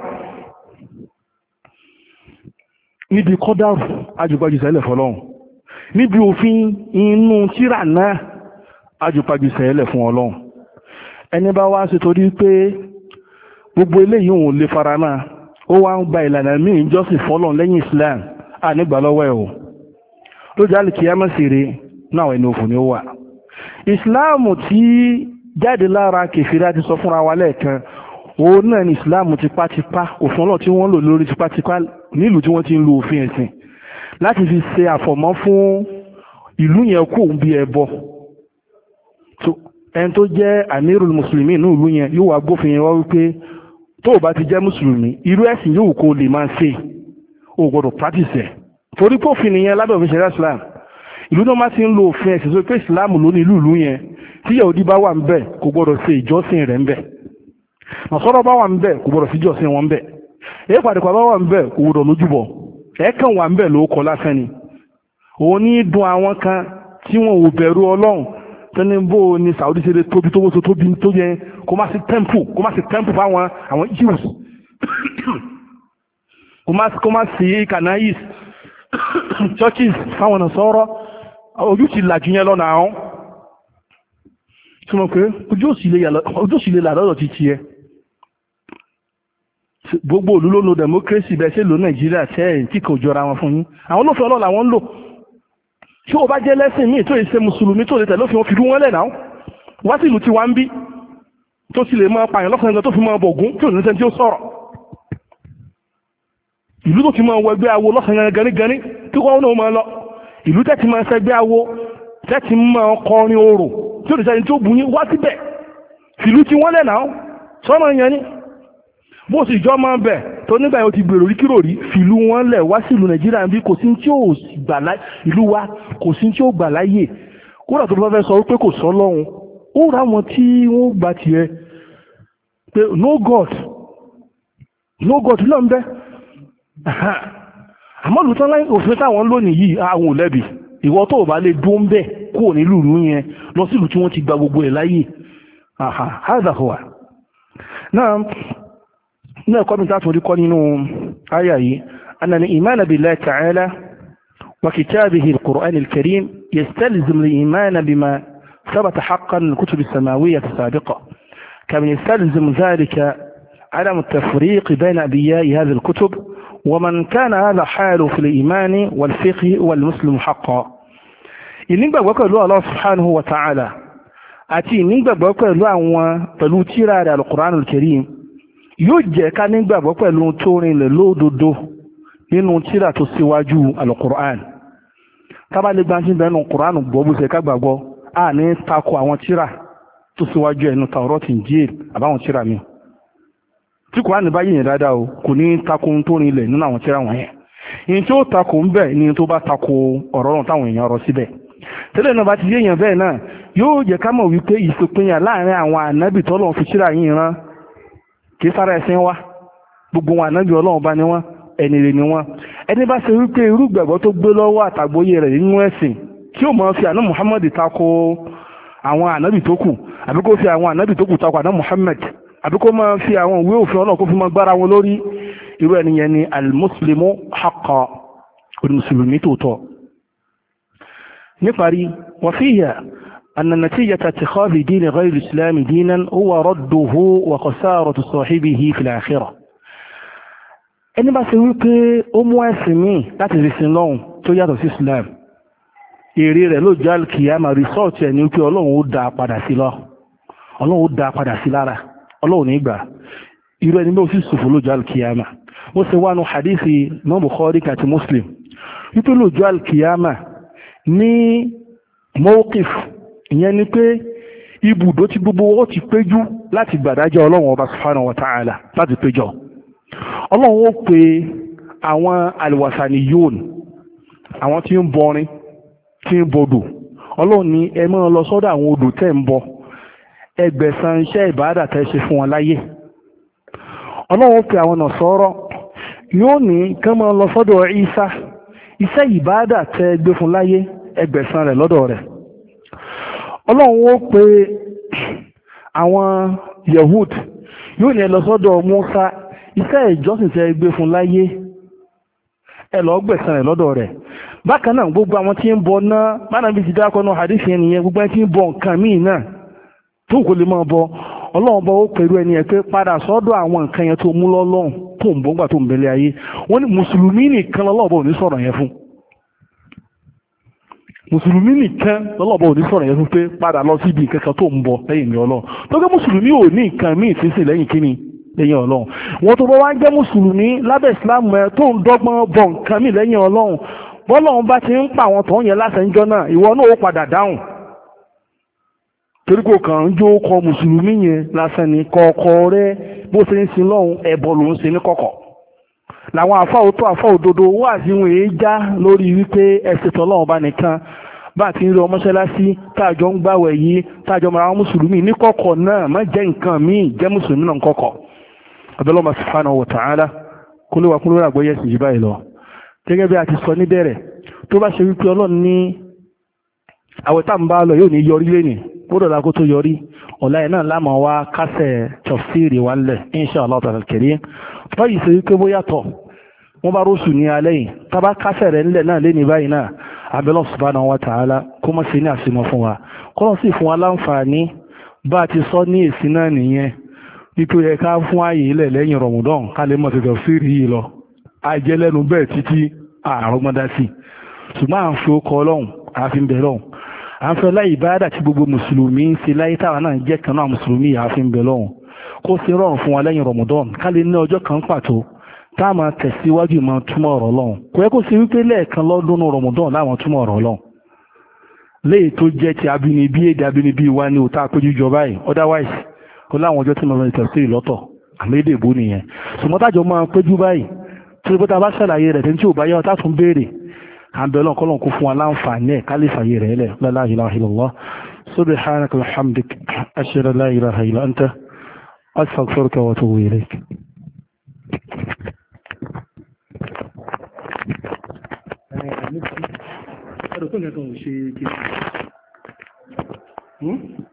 níbi kọ́dàrú ajùpàjù sẹ́lẹ̀ fọlọ́hún níbi òfin inú tírà náà ajùpàjù sẹ́lẹ̀ fún ọlọ́hún ẹni bá wá ṣe torí pé gbogbo eléyìí òun lè fara náà ó wá ń gba ìlànà míì jọ́sìn fọlọ́hún lẹ́yìn Islam ànígbà lọ́wọ́ ẹ̀ o lójú àlùkìyámà sì rèé náà ẹni òfò ni ó wà ìsìláàmù tí jáde lára kèfèrí àti sọ fúnra wa lẹ́ẹ̀kan òun náà ni ìsìláàmù tipátipá òfin ọlọ́ tí wọ́n lò lórí tipátipá nílùú tí wọ́n ti ń lo òfin ẹ̀sìn láti fi ṣe àfọ̀mọ́ fún ìlú yẹn kó òun bí ẹbọ ẹni tó jẹ́ amirul mùsùlùmí inú ìlú yẹn yóò wá gbófin yẹn wá wípé tó o bá ti jẹ́ mùsùlùmí irú ẹ̀sìn yóò kó o lè máa ṣe o gbọ́dọ̀ practice ẹ̀ torí pófin nìyẹn lábẹ́ òfin ṣẹlẹ̀ islam ìlú náà má ti ń lo òfin ẹ̀sìn sókè ìsìláàmù lónìí ìlú ìlú yẹn tí Yahudi bá wà ń bẹ̀ kò gbọ́dọ̀ ṣe ìjọsìn rẹ̀ ń bẹ̀ nàṣọ́rọ̀ bá wà ń bẹ̀ kò gbọ́dọ̀ sí ìjọsìn wọn ń bẹ̀ èyí pàdékọ̀ bá wà ń bẹ̀ kò gbọ́dọ̀ lójúbọ ẹ̀ẹ́kàn wà ń bẹ̀ ló kọ lásán ni òun ní dun àwọn kan tí wọn ò bẹ̀rù Ọlọ́run tẹnibó ni Saudi ṣe lè tóbi tóbi tóbi tó yẹ kó má sí temple kó má sí temple fáwọn àwọn Jews kó má sí kanais churches fáwọn Nàṣọ́rọ̀ ojú ti làjú yẹn lọ́nà àwọn tí wọ́n pé ojú òsì lè là lọ́dọ̀ ti tiẹ̀ gbogbo òlú ló lo democracy bẹ́ẹ̀ ṣe lo nàìjíríà tẹ́ ẹ̀ tí kò jọra wọn fún yín àwọn olófin ọlọ́run àwọn ń lò tí o bá jẹ́ lẹ́sìn míì tó lè ṣe mùsùlùmí tó lè tẹ̀lé òfin òfin wọn lẹ̀ náà wá sí ìlú tí wàá ń bí tó sì lè máa pààyàn lọ́kàn ẹgbẹ́ tó fi máa bọ̀gún tí ò ní sẹ́ni tí ó sọ̀rọ̀ ìlú tó fi máa wọ ẹgbẹ́ awo lọ́kàn gani gani tí wọ́n náà máa lọ ìlú tẹ́tí máa ṣẹgbẹ́ awo tẹ́tí máa kọrin orò tí ó lè sẹ́ni tí ó bù yín wá síbẹ̀ ìlú tí wọ́n lẹ̀ náà sọ́nà yẹn ni bó sì jọ máa bẹ̀ tó nígbà yóò ti gbèrò rí kírò rí fìlú wọn lẹ̀ wá sí ìlú nàìjíríà bí kò sí tí ó gbà láyé ìlú wa kò sí tí ó gbà láyè kódà tó bá fẹ́ sọ pé kò sọ lọ́hùn ó ra wọn tí wọ́n gbà tiẹ̀ pé no god no god ló ń bẹ́ àmọ́ òfin òfin táwọn lónìí yìí àwọn ò lẹ́bi ìwọ tó òlẹ́bì iwo lè ba bẹ́ẹ̀ kúrò bẹ́ kuro yẹn lọ sílùú tí wọ́n ti gba gbogbo ẹ̀ láyè àhà hádàfọ̀wà náà ní ẹ̀kọ́ mi táàtò oríkọ́ nínú àyà yìí annani imana billahi ta'ala wa kitabihi al-qur'an al-karim yastalzim al-imana bima ثبت حقا الكتب السماوية السابقة كمن يستلزم ذلك عدم التفريق بين أبياء هذه الكتب ومن كان هذا حاله في الإيمان والفقه والمسلم حقا ìnígbàgbọ́ pẹ̀lú Allah subhanahu wa ta'ala àti ìnígbàgbọ́ pẹ̀lú àwọn pẹ̀lú tírà rẹ̀ al-Qur'an al-Karim yóò jẹ́ ká nígbàgbọ́ pẹ̀lú tó rinlẹ̀ lódodo nínú tírà tó síwájú al-Qur'an tábàlẹ̀ gbáǹtí bẹ́ẹ̀nu Qur'an gbọ́ bó ṣe ká gbàgbọ́ a ní tako àwọn tírà tó síwájú ẹnu Tawrat Injil àbáwọn tírà mi tí kòránì bá yìnyín dáadáa o kò ní tako ohun tó nínú àwọn tíra wọ̀nyẹn ìyẹn tí ó tako ń bẹ̀ ni tó bá tako ọ̀rọ̀ ọ̀run táwọn èèyàn rọ síbẹ̀ tẹ́lẹ̀ náà bá ti yé èèyàn bẹ́ẹ̀ náà yóò yẹ ká mọ̀ wípé ìṣòpinya láàrin àwọn ànábì fi yìí rán kì í sára ẹ̀sìn wa gbogbo wọn ànábì ọlọ́run bá ní wọn ẹni wọn ẹni bá ṣe wípé irú tó gbé lọ́wọ́ àtàgbóyè rẹ̀ nínú ẹ̀sìn ó mọ̀ fi àná àwọn ànábì tó kù àbí fi àwọn ànábì tó kù àná àbí kó máa fi àwọn ìwé òfin ọlọ́run kó fi máa gbára wọn lórí irú ẹniyẹn ni almuslimu haqqa olùmùsùlùmí tòótọ́ níparí wọ́n fi yà أن نتيجة اتخاذ دين غير الإسلام دينا هو رده وخسارة صاحبه في الآخرة ẹni bá ṣe wípé ó mú ẹ̀sìn míì láti rí sin lọ́hùn tó yàtọ̀ sí Islam èrè rẹ̀ ló jẹ́ alkiyama rìsọ́ọ̀tì ẹ̀ wípé Ọlọ́run ó dá padà sí lára ọlọ́run nígbà irú ẹni náà sì sòfò lójú alkiyama ó sì wá nu hadithi náà Bukhari àti Muslim wípé lójú alkiyama ní mawqif ìyẹn ni pé ibùdó tí gbogbo ó ti péjú láti gbàdájọ́ ọlọ́run ọba subhanahu wa ta'ala láti péjọ ọlọ́run ó pe àwọn alwasani yóòn àwọn tí ń bọrin tí ń bodò ọlọ́run ni ẹ máa lọ sọ́dọ̀ àwọn odò tẹ́ ń bọ̀ ẹgbẹ̀sán iṣẹ́ ìbáàdà tẹ́ ṣe fún wọn láyé ọlọ́run pe àwọn ọ̀nà nọ̀sọ́rọ́ yóò ní kán máa lọ sọ́dọ̀ Ìsá iṣẹ́ ìbáàdà tẹ́ gbé fún láyé ẹgbẹ̀sán rẹ̀ lọ́dọ̀ rẹ̀ ọlọ́run ó pe àwọn Yehud yóò ní ẹ lọ sọ́dọ̀ Mùsá iṣẹ́ ìjọsìn tẹ́ gbé fún láyé ẹ lọ gbẹ̀sán rẹ̀ lọ́dọ̀ rẹ̀ bákan náà gbogbo àwọn tí ń bọ náà mánàbí ti dákọ̀ náà hadith yẹn gbogbo ẹni tí ń bọ nǹkan míì náà tó kò lè máa bọ ọlọ́run bọ́ ó pẹ̀lú ẹni ẹ̀ pé padà sọ́dọ̀ àwọn nǹkan yẹn tó mú lọ́lọ́run tó ń bọ́ngbà tó ń bẹ̀lẹ̀ ayé wọ́n ní mùsùlùmí nìkan lọ́lọ́ọ̀bọ̀ ò ní sọ̀rọ̀ yẹn fún mùsùlùmí nìkan lọ́lọ́ọ̀bọ̀ ò ní sọ̀rọ̀ yẹn fún pé padà lọ síbi nǹkan kan tó ń bọ̀ lẹ́yìn mi ọlọ́run tó gẹ́ mùsùlùmí ò ní nǹkan míì sí sìn lẹ́yìn kíni lẹ́yìn ọlọ́run wọn tó bá wá ń jẹ́ mùsùlùmí lábẹ́ ìsìlámù ẹ tó ń dọ́gbọ́n bọ̀ nǹkan míì lẹ́yìn ọlọ́run bọ́lọ́run bá ti ń pa àwọn tó ń yẹ lásán jọ náà ìwọ náà ó padà dáhùn torí kò kàn ń jó kọ mùsùlùmí yẹn lásán ní kọ̀ọ̀kọ̀ rẹ bó ṣe ń sin lọ́hùn ẹbọ ló ń ṣe ní kọ̀kọ̀ làwọn àfáà tó àfáà òdodo wà sí wọn èé já lórí wípé ẹsẹ̀ tọ́lọ́run bá nìkan bá ti ń lọ mọ́ṣáláṣí táàjọ ń gbàwẹ̀ yìí táàjọ mọ̀ra àwọn mùsùlùmí ní kọ̀kọ̀ náà má jẹ́ nǹkan míì jẹ́ mùsùlùmí náà kọ̀kọ̀ abẹ́lọ́mọ subhanahu wa ta'ala sí yìí báyìí bódọ̀lá kó tó yọrí ọ̀la náà lámọ̀ wá kásẹ̀ tọ̀fsíìrì wá lẹ̀ insha Allah ta'ala báyìí sọ wípé wọ́n bá rọ́ṣù ní alẹ́ yìí tábà kásẹ̀ rẹ̀ ńlẹ̀ náà lẹ́ni báyìí náà abẹ́lọ́ wa ta'ala kó mọ̀ sí ní fún wa kọ́lọ́ sì fún wa láǹfààní bá a ti sọ ní èsì náà nìyẹn wípé yẹ ká fún ààyè ilẹ̀ lẹ́yìn à ń fẹ́ láì ìbáradà tí gbogbo mùsùlùmí ń ṣe láyé táwa náà jẹ́ kan náà mùsùlùmí ààfin bẹ̀ lọ́hùn kó ṣe rọrùn fún wa lẹ́yìn Ramadan ká lè ní ọjọ́ kan pàtó tá a máa tẹ̀síwájú máa túmọ̀ ọ̀rọ̀ lọ́hùn kò yẹ kó ṣe wípé lẹ́ẹ̀kan lọ́dún ní Ramadan láwọn túmọ̀ ọ̀rọ̀ lọ́hùn léyìí tó jẹ́ ti abínibí èdè abínibí wa ni òtá àpéjú ìjọba yìí otherwise ó láwọn ọjọ́ tí mo lọ tẹ̀sí lọ́tọ̀ àmẹ́dẹ̀bó nìyẹn ṣùgbọ́n tájọ tí ó bá ta bá ṣàlàyé rẹ̀ tí ó bá yẹ ọ́ tá tún béèrè àbẹ̀lọ́ kọ́lọ̀ kó fún wa láǹfààní ẹ̀ kálífàyè rẹ̀ lẹ̀ la ilaha illallah subhanaka wa hamdika ashhadu an la ilaha illa anta tó ń